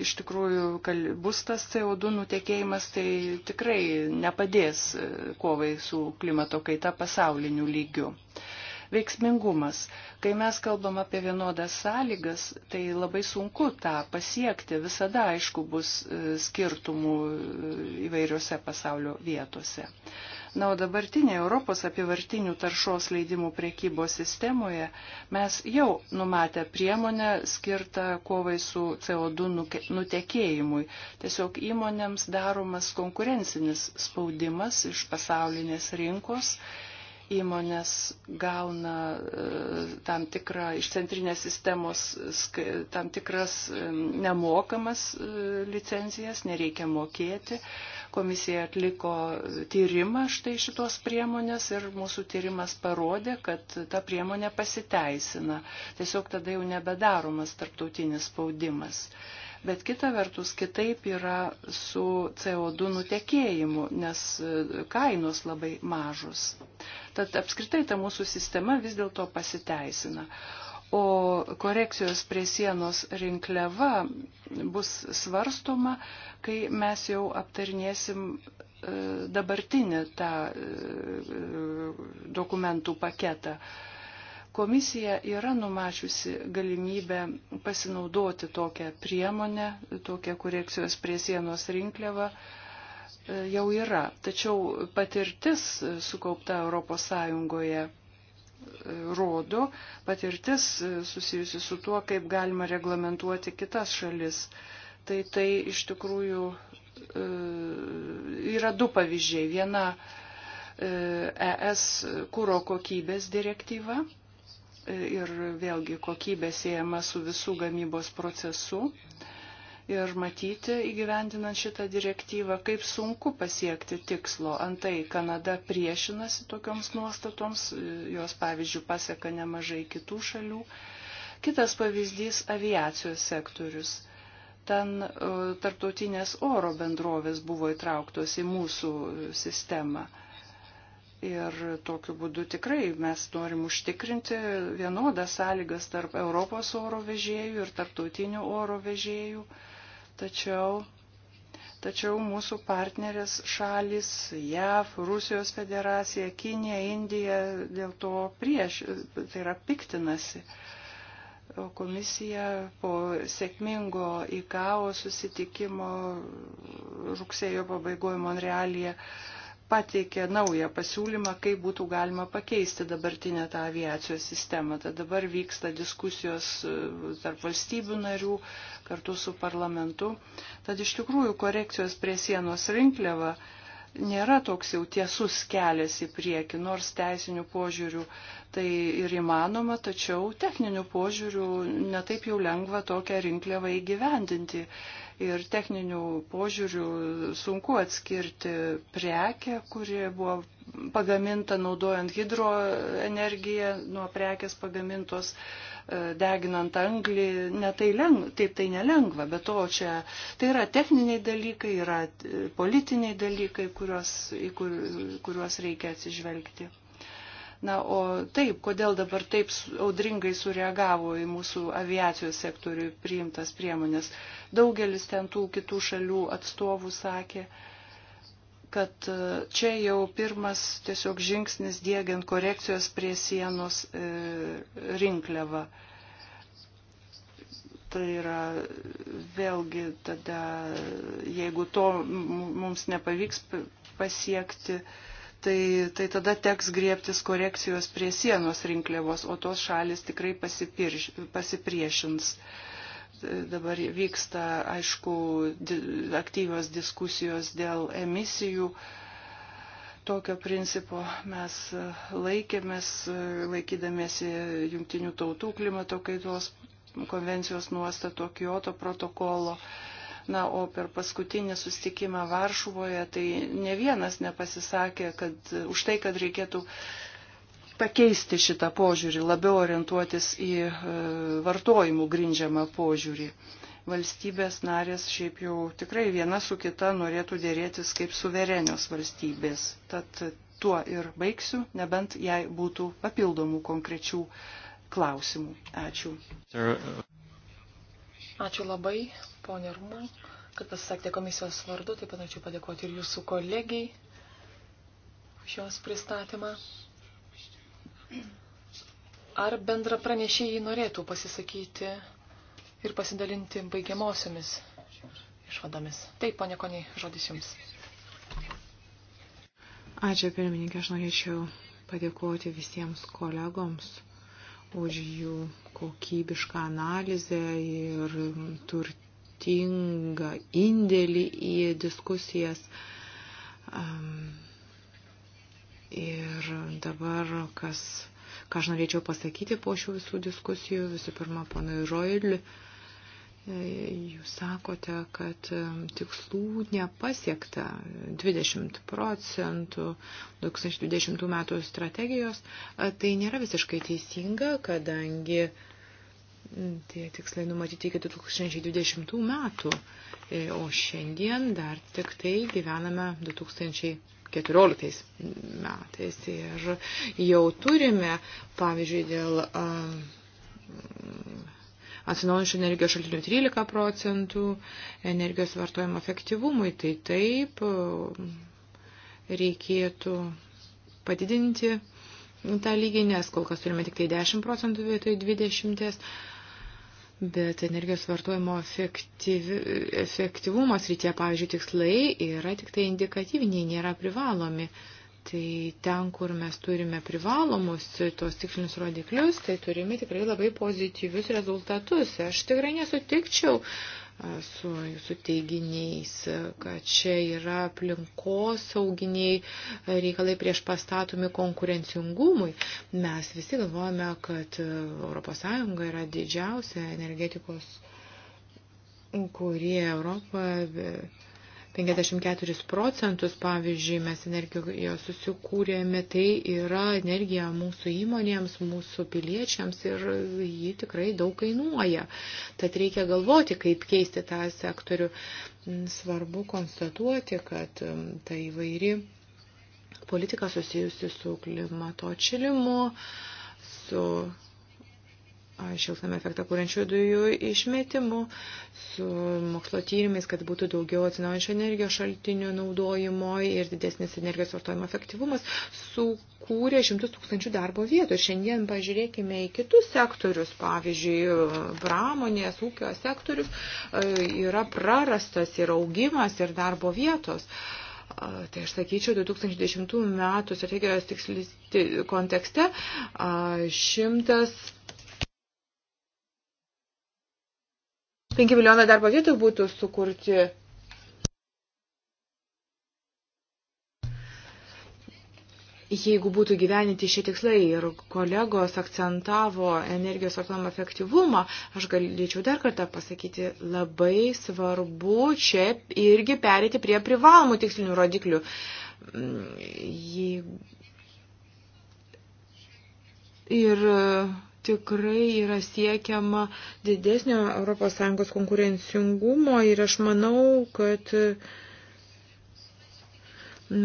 iš tikrųjų bus tas CO2 nutekėjimas, tai tikrai nepadės kovai su klimato kaita pasauliniu lygiu veiksmingumas. Kai mes kalbam apie vienodas sąlygas, tai labai sunku tą pasiekti. Visada, aišku, bus e, skirtumų e, įvairiose pasaulio vietose. Na, o dabartinė Europos apivartinių taršos leidimų priekybos sistemoje mes jau numatę priemonę skirtą kovai su CO2 nutekėjimui. Tiesiog įmonėms daromas konkurencinis spaudimas iš pasaulinės rinkos įmonės gauna e, tam tikrą iš centrinės sistemos, tam tikras e, nemokamas e, licencijas, nereikia mokėti. Komisija atliko tyrimą štai šitos priemonės ir mūsų tyrimas parodė, kad ta priemonė pasiteisina. Tiesiog tada jau nebedaromas tarptautinis spaudimas. Uh, bet kita vertus kitaip yra su CO2 nutekėjimu, nes e, kainos labai mažos. Tad apskritai ta mūsų sistema vis dėlto pasiteisina. O korekcijos prie sienos rinkliava bus svarstoma, kai mes jau aptarnėsim e, dabartinį tą e, dokumentų paketą Komisija yra numačiusi galimybę pasinaudoti tokią priemonę, tokią korekcijos prie sienos rinkliavą e, jau yra. Tačiau patirtis sukaupta ES e, rodo, patirtis e, susijusi su tuo, kaip galima reglamentuoti kitas šalis. Tai tai iš tikrųjų yra du pavyzdžiai. Viena ES kūro kokybės direktyva ir vėlgi kokybė siejama su visų gamybos procesu. Ir matyti įgyvendinant šitą direktyvą, kaip sunku pasiekti tikslo. Antai Kanada priešinasi tokioms nuostatoms, jos pavyzdžių paseka nemažai kitų šalių. Kitas pavyzdys - aviacijos sektorius. Ten e, tarptautinės oro bendrovės buvo įtrauktos į mūsų sistemą Ir tokiu būdu tikrai mes norim užtikrinti vienodas sąlygas tarp Europos oro vežėjų ir tarptautinių oro vežėjų. Tačiau, tačiau mūsų partnerės šalis JAV, Rusijos federacija, Kinija, Indija dėl to prieš, tai yra piktinasi. O komisija po sėkmingo IKAO susitikimo rugsėjo pabaigoje Monrealyje pateikė naują pasiūlymą, kaip būtų galima pakeisti dabartinę tą aviacijos sistemą. Tad dabar vyksta diskusijos e, tarp valstybių narių kartu su parlamentu. Tad iš tikrųjų korekcijos prie sienos rinkliava nėra toks jau tiesus kelias į priekį, nors teisinių požiūrių tai ir įmanoma, tačiau techninių požiūrių netaip jau lengva tokią rinkliavą įgyvendinti. Ir techninių požiūrių sunku atskirti prekę, kuri buvo pagaminta naudojant hidroenergiją nuo prekės pagamintos uh, E, deginant anglį, ne tai lengva, taip tai nelengva, bet to čia tai yra techniniai dalykai, yra e, politiniai dalykai, kuriuos, kur, kuriuos reikia atsižvelgti. Na, o taip, kodėl dabar taip audringai sureagavo į mūsų aviacijos sektorių priimtas priemonės. Daugelis ten tų kitų šalių atstovų sakė, uh, kad e, čia jau pirmas tiesiog žingsnis dėgiant korekcijos prie sienos e, rinkliavą. Tai yra vėlgi tada, jeigu to mums nepavyks pasiekti, tai, tai tada teks griebtis korekcijos prie sienos rinkliavos, o tos šalis tikrai pasipirš, pasipriešins. Uh, Dabar vyksta, aišku, aktyvios diskusijos dėl emisijų. Tokio principo mes laikėmės, laikydamėsi jungtinių tautų klimato kaitos konvencijos nuostato Kyoto protokolo. Na, o per paskutinį sustikimą Varšuvoje tai ne vienas nepasisakė, kad už tai, kad reikėtų uh, pakeisti šitą požiūrį, labiau orientuotis į e, vartojimų grindžiamą požiūrį. Valstybės narės šiaip jau tikrai viena su kita norėtų dėrėtis kaip suverenios valstybės. Tad tuo ir baigsiu, nebent jei būtų papildomų konkrečių klausimų. Ačiū. Ačiū labai, ponė Rumų, kad pasisakėte komisijos vardu, taip pat norėčiau padėkoti ir jūsų kolegijai už jos pristatymą. Ar bendra pranešėjai norėtų pasisakyti ir pasidalinti baigiamosiomis išvadomis? Taip, ponė Koniai, žodis jums. Ačiū, pirmininkė, aš norėčiau padėkoti visiems kolegoms už jų kokybišką analizę ir turtingą indėlį į diskusijas. Um, Ir dabar, kas, ką aš norėčiau pasakyti po šių visų diskusijų, visų pirma, ponui Roiliui, e, jūs sakote, kad e, tikslų nepasiekta 20 procentų 2020 metų strategijos. E, tai nėra visiškai teisinga, kadangi tie tikslai numatyti iki 2020 metų, o šiandien dar tik tai gyvename 2000 2014 metais. Ir jau turime, pavyzdžiui, dėl mm, atsinaujinčių energijos šaltinių 13 procentų, energijos vartojimo efektyvumui, tai taip mm, reikėtų padidinti tą lygį, nes kol kas turime tik tai 10 procentų vietoj 20. Bet energijos vartojimo efektyvi, efektyvumo srityje, pavyzdžiui, tikslai yra tik tai indikatyviniai, nėra privalomi. Tai ten, kur mes turime privalomus tos tikslinius rodiklius, tai turime tikrai labai pozityvius rezultatus. Aš tikrai nesutikčiau uh, su jūsų teiginiais, kad čia yra aplinkos sauginiai reikalai prieš pastatomi konkurencingumui. Mes visi galvojame, kad ES yra didžiausia energetikos kurie Europoje 54 procentus, pavyzdžiui, mes energijos susikūrėme, tai yra energija mūsų įmonėms, mūsų piliečiams ir ji tikrai daug kainuoja. Tad reikia galvoti, kaip keisti tą sektorių. Svarbu konstatuoti, kad tai įvairi politika susijusi su klimato atšilimu, su šiltnamio efektą kūrenčių dujų išmetimu, su mokslo tyrimais, kad būtų daugiau atsinaujančio energijos šaltinių naudojimo ir didesnis energijos vartojimo efektyvumas, sukūrė šimtus tūkstančių darbo vietų. Ir šiandien pažiūrėkime į kitus sektorius, pavyzdžiui, pramonės, ūkio sektorius e, yra prarastas ir augimas ir darbo vietos. Tai aš sakyčiau, 2010 metų strategijos tikslis kontekste šimtas 5 milijonai darbo vietų būtų sukurti. Jeigu būtų gyveninti šie tikslai ir kolegos akcentavo energijos vartojimo efektyvumą, aš galėčiau dar kartą pasakyti, labai svarbu čia irgi perėti prie privalomų tikslinių rodiklių. Mm, jei... Ir tikrai yra siekiama didesnio ES konkurencingumo ir aš manau, kad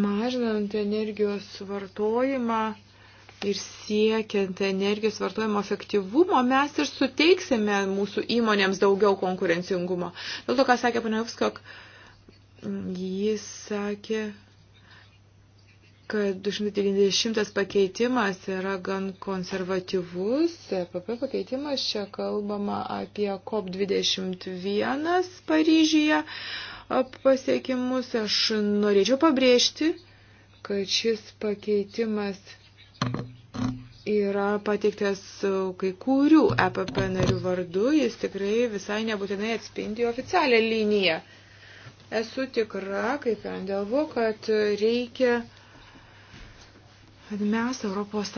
mažinant energijos vartojimą ir siekiant energijos vartojimo efektyvumo, mes ir suteiksime mūsų įmonėms daugiau konkurencingumo. Dėl to, ką sakė Panevskok, jis sakė, kad 290 pakeitimas yra gan konservatyvus. PP e pakeitimas čia kalbama apie COP21 Paryžyje pasiekimus. Aš norėčiau pabrėžti, kad šis pakeitimas yra pateiktas kai kurių EPP narių vardu. Jis tikrai visai nebūtinai atspindi oficialią liniją. Esu tikra, kaip Endelvo, kad reikia kad mes ES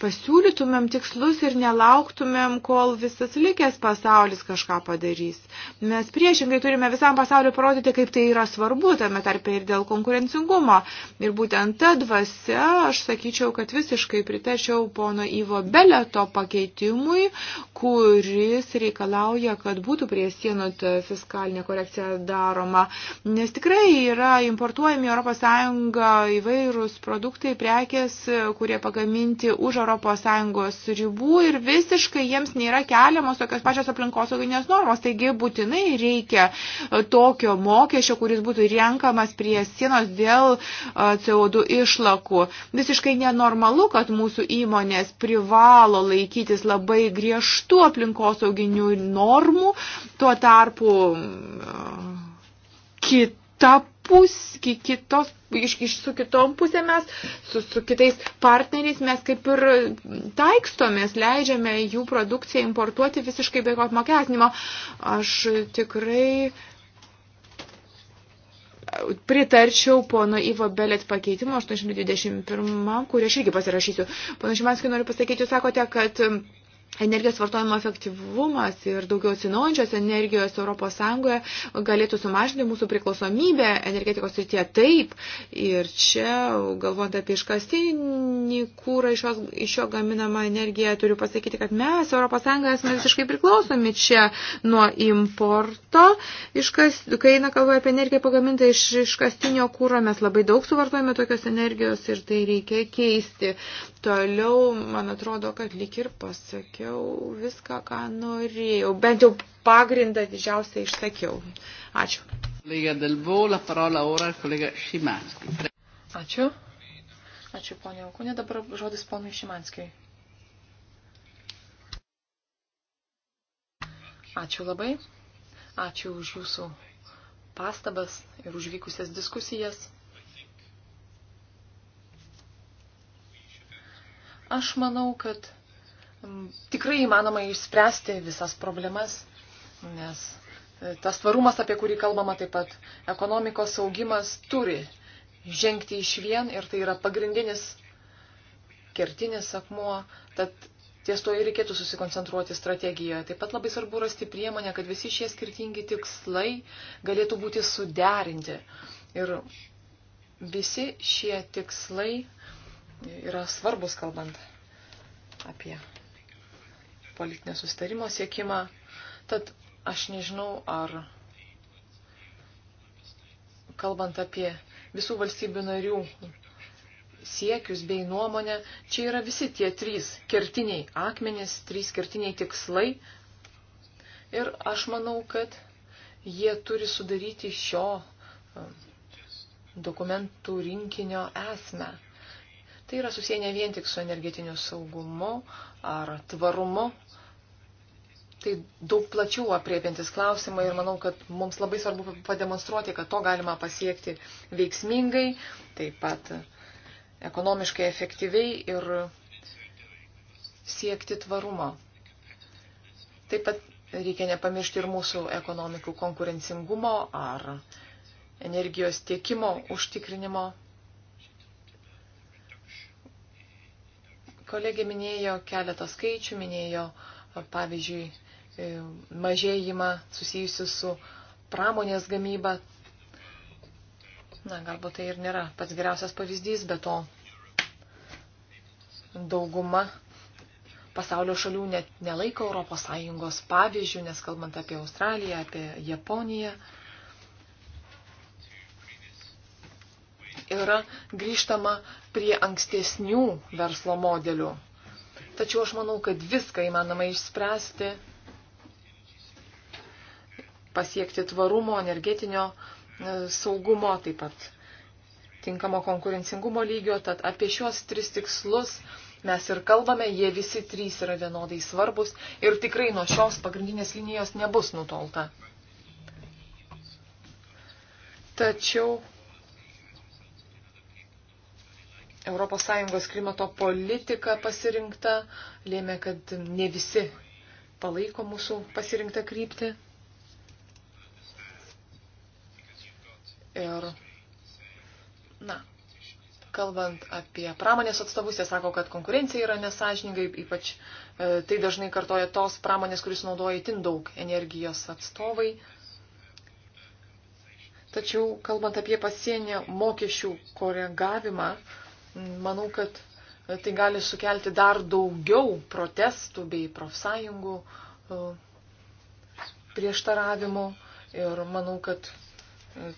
pasiūlytumėm tikslus ir nelauktumėm, kol visas likęs pasaulis kažką padarys. Mes priešingai turime visam pasauliu parodyti, kaip tai yra svarbu, tame tarpe ir dėl konkurencingumo. Ir būtent ta dvasia, aš sakyčiau, kad visiškai pritačiau pono Ivo Beleto pakeitimui, kuris reikalauja, kad būtų prie sienų fiskalinė korekcija daroma. Nes tikrai yra importuojami ES įvairūs produktai, prekės prekės, kurie pagaminti už ES ribų ir visiškai jiems nėra keliamos tokios pačios aplinkosauginės normos. Taigi būtinai reikia e, tokio mokesčio, kuris būtų renkamas prie sienos dėl e, CO2 išlakų. Visiškai nenormalu, kad mūsų įmonės privalo laikytis labai griežtų aplinkosauginių normų. Tuo tarpu e, kita pus, kitos, iš, iš, su kitom pusėm mes, su, su kitais partneriais mes kaip ir taikstomės, leidžiame jų produkciją importuoti visiškai be apmokesnimo. Aš tikrai pritarčiau pono Ivo Belės pakeitimo 821, kurį aš irgi pasirašysiu. Pono Šimanskį noriu pasakyti, jūs sakote, kad energijos vartojimo efektyvumas ir daugiau atsinaujančios energijos Europos Sąjungoje galėtų sumažinti mūsų priklausomybę energetikos srityje taip. Ir čia, galvojant apie iškastinį kūrą, iš, jos, iš jo gaminamą energiją, turiu pasakyti, kad mes Europos Sąjungoje esame visiškai priklausomi čia nuo importo. Iškas, kai eina kalba apie energiją pagamintą iš iškastinio kūro, mes labai daug suvartojame tokios energijos ir tai reikia keisti. Toliau, man atrodo, kad lik ir pasakė pasakiau viską, ką norėjau. Bent jau pagrindą didžiausiai išsakiau. Ačiū. Kolega Delvo, la parola ora kolega Šimanski. Ačiū. Ačiū, ponia Aukunė. Dabar žodis ponui Šimanskijui. Ačiū labai. Ačiū už jūsų pastabas ir užvykusias diskusijas. Aš manau, kad Mm, tikrai įmanoma išspręsti visas problemas, nes e, tas tvarumas, apie kurį kalbama taip pat, ekonomikos augimas turi žengti iš vien ir tai yra pagrindinis kertinis akmuo, tad ties to ir reikėtų susikoncentruoti strategijoje. Taip pat labai svarbu rasti priemonę, kad visi šie skirtingi tikslai galėtų būti suderinti. Ir visi šie tikslai yra svarbus, kalbant apie politinio sustarimo siekimą. Tad aš nežinau, ar kalbant apie visų valstybių narių siekius bei nuomonę, čia yra visi tie trys kertiniai akmenys, trys kertiniai tikslai. Ir aš manau, kad jie turi sudaryti šio um, dokumentų rinkinio esmę. Tai yra susiję ne vien tik su energetiniu saugumu ar tvarumu, tai daug plačiau apriepiantis klausimai ir manau, kad mums labai svarbu pademonstruoti, kad to galima pasiekti veiksmingai, taip pat ekonomiškai efektyviai ir siekti tvarumo. Taip pat reikia nepamiršti ir mūsų ekonomikų konkurencingumo ar energijos tiekimo užtikrinimo. Kolegė minėjo keletą skaičių, minėjo pavyzdžiui E, mažėjimą susijusiu su pramonės gamyba. Na, galbūt tai ir nėra pats geriausias pavyzdys, bet to dauguma pasaulio šalių net nelaiko Europos Sąjungos pavyzdžių, nes kalbant apie Australiją, apie Japoniją, yra grįžtama prie ankstesnių verslo modelių. Tačiau aš manau, kad viską įmanoma išspręsti pasiekti tvarumo, energetinio e, saugumo, taip pat tinkamo konkurencingumo lygio. Tad apie šios tris tikslus mes ir kalbame, jie visi trys yra vienodai svarbus ir tikrai nuo šios pagrindinės linijos nebus nutolta. Tačiau ES klimato politika pasirinkta lėmė, kad ne visi palaiko mūsų pasirinktą kryptį. Ir, na, kalbant apie pramonės atstovus, jie sako, kad konkurencija yra nesažiningai, ypač e, tai dažnai kartoja tos pramonės, kuris naudoja itin daug energijos atstovai. Tačiau, kalbant apie pasienio mokesčių koregavimą, manau, kad e, tai gali sukelti dar daugiau protestų bei profsąjungų e, prieštaravimų ir manau, kad e,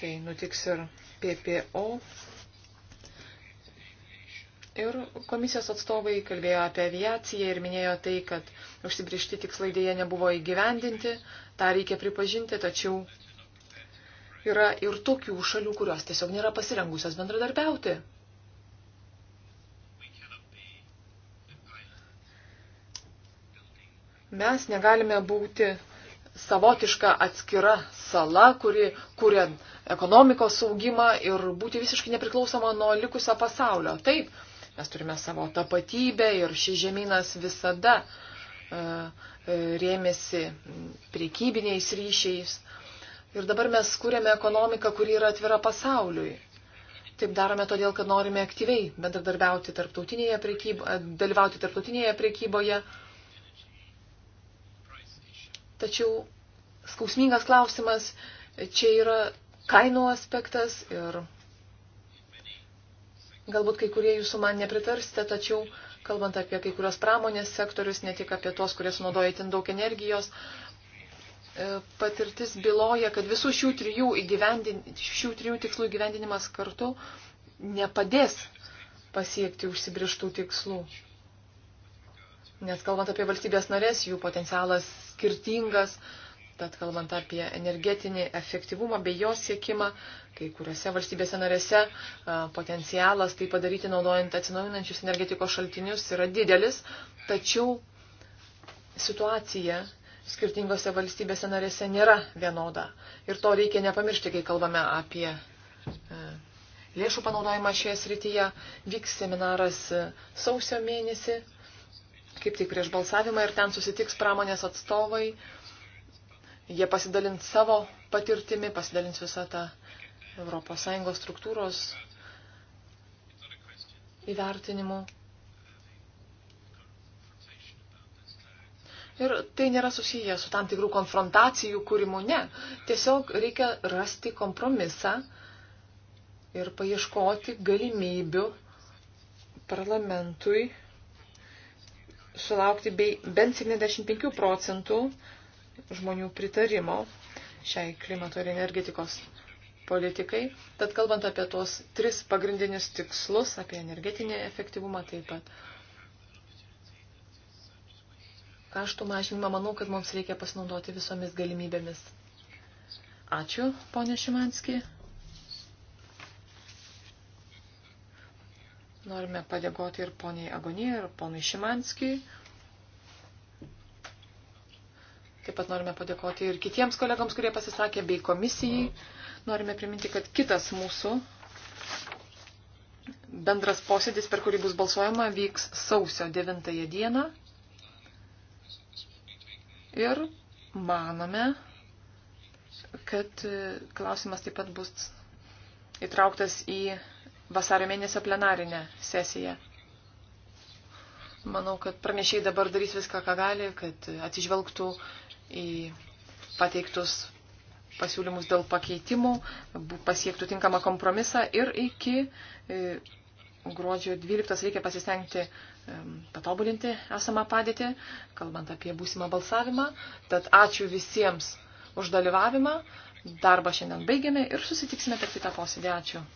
Tai nutiks ir PPO. Ir komisijos atstovai kalbėjo apie aviaciją ir minėjo tai, kad užsibriežti tikslai dėje nebuvo įgyvendinti, tą reikia pripažinti, tačiau yra ir tokių šalių, kurios tiesiog nėra pasirengusios bendradarbiauti. Mes negalime būti savotiška atskira sala, kuri kuria ekonomikos saugimą ir būti visiškai nepriklausoma nuo likusio pasaulio. Taip, mes turime savo tapatybę ir šis žemynas visada e, e, rėmėsi priekybiniais ryšiais. Ir dabar mes kūrėme ekonomiką, kuri yra atvira pasauliui. Taip darome todėl, kad norime aktyviai bendradarbiauti tarptautinėje prekyboje, dalyvauti tarptautinėje prekyboje. Tačiau skausmingas klausimas čia yra kainų aspektas ir galbūt kai kurie jūsų man nepritarsite, tačiau kalbant apie kai kurios pramonės sektorius, ne tik apie tuos, kurie sunaudoja itin daug energijos, e, patirtis byloja, kad visų šių trijų, įgyvendin... šių trijų tikslų įgyvendinimas kartu nepadės pasiekti užsibrieštų tikslų. Nes kalbant apie valstybės narės, jų potencialas skirtingas, tad kalbant apie energetinį efektyvumą bei jo siekimą, kai kuriuose valstybėse narėse potencialas tai padaryti naudojant atsinaujinančius energetikos šaltinius yra didelis, tačiau situacija skirtingose valstybėse narėse nėra vienoda. Ir to reikia nepamiršti, kai kalbame apie e, lėšų panaudojimą šioje srityje. Vyks seminaras e, sausio mėnesį kaip tik prieš balsavimą ir ten susitiks pramonės atstovai. Jie pasidalins savo patirtimi, pasidalins visą tą ES struktūros įvertinimu. Ir tai nėra susiję su tam tikrų konfrontacijų kūrimu, ne. Tiesiog reikia rasti kompromisą ir paieškoti galimybių parlamentui sulaukti bent 75 procentų žmonių pritarimo šiai klimato ir energetikos politikai. Tad kalbant apie tuos tris pagrindinius tikslus, apie energetinį efektyvumą taip pat. Kaštų mažinimą manau, kad mums reikia pasinaudoti visomis galimybėmis. Ačiū, ponė Šimanski. Norime padėkoti ir poniai Agonijai, ir ponui Šimanskijui. Taip pat norime padėkoti ir kitiems kolegams, kurie pasisakė, bei komisijai. Norime priminti, kad kitas mūsų bendras posėdis, per kurį bus balsuojama, vyks sausio 9 dieną. Ir manome, kad klausimas taip pat bus įtrauktas į vasario mėnesio plenarinę sesiją. Manau, kad pranešiai dabar darys viską, ką gali, kad atsižvelgtų į pateiktus pasiūlymus dėl pakeitimų, pasiektų tinkamą kompromisą ir iki e, gruodžio 12 reikia pasistengti patobulinti esamą padėtį, kalbant apie būsimą balsavimą. Tad ačiū visiems už dalyvavimą. Darbą šiandien baigėme ir susitiksime per kitą posėdį. Ačiū.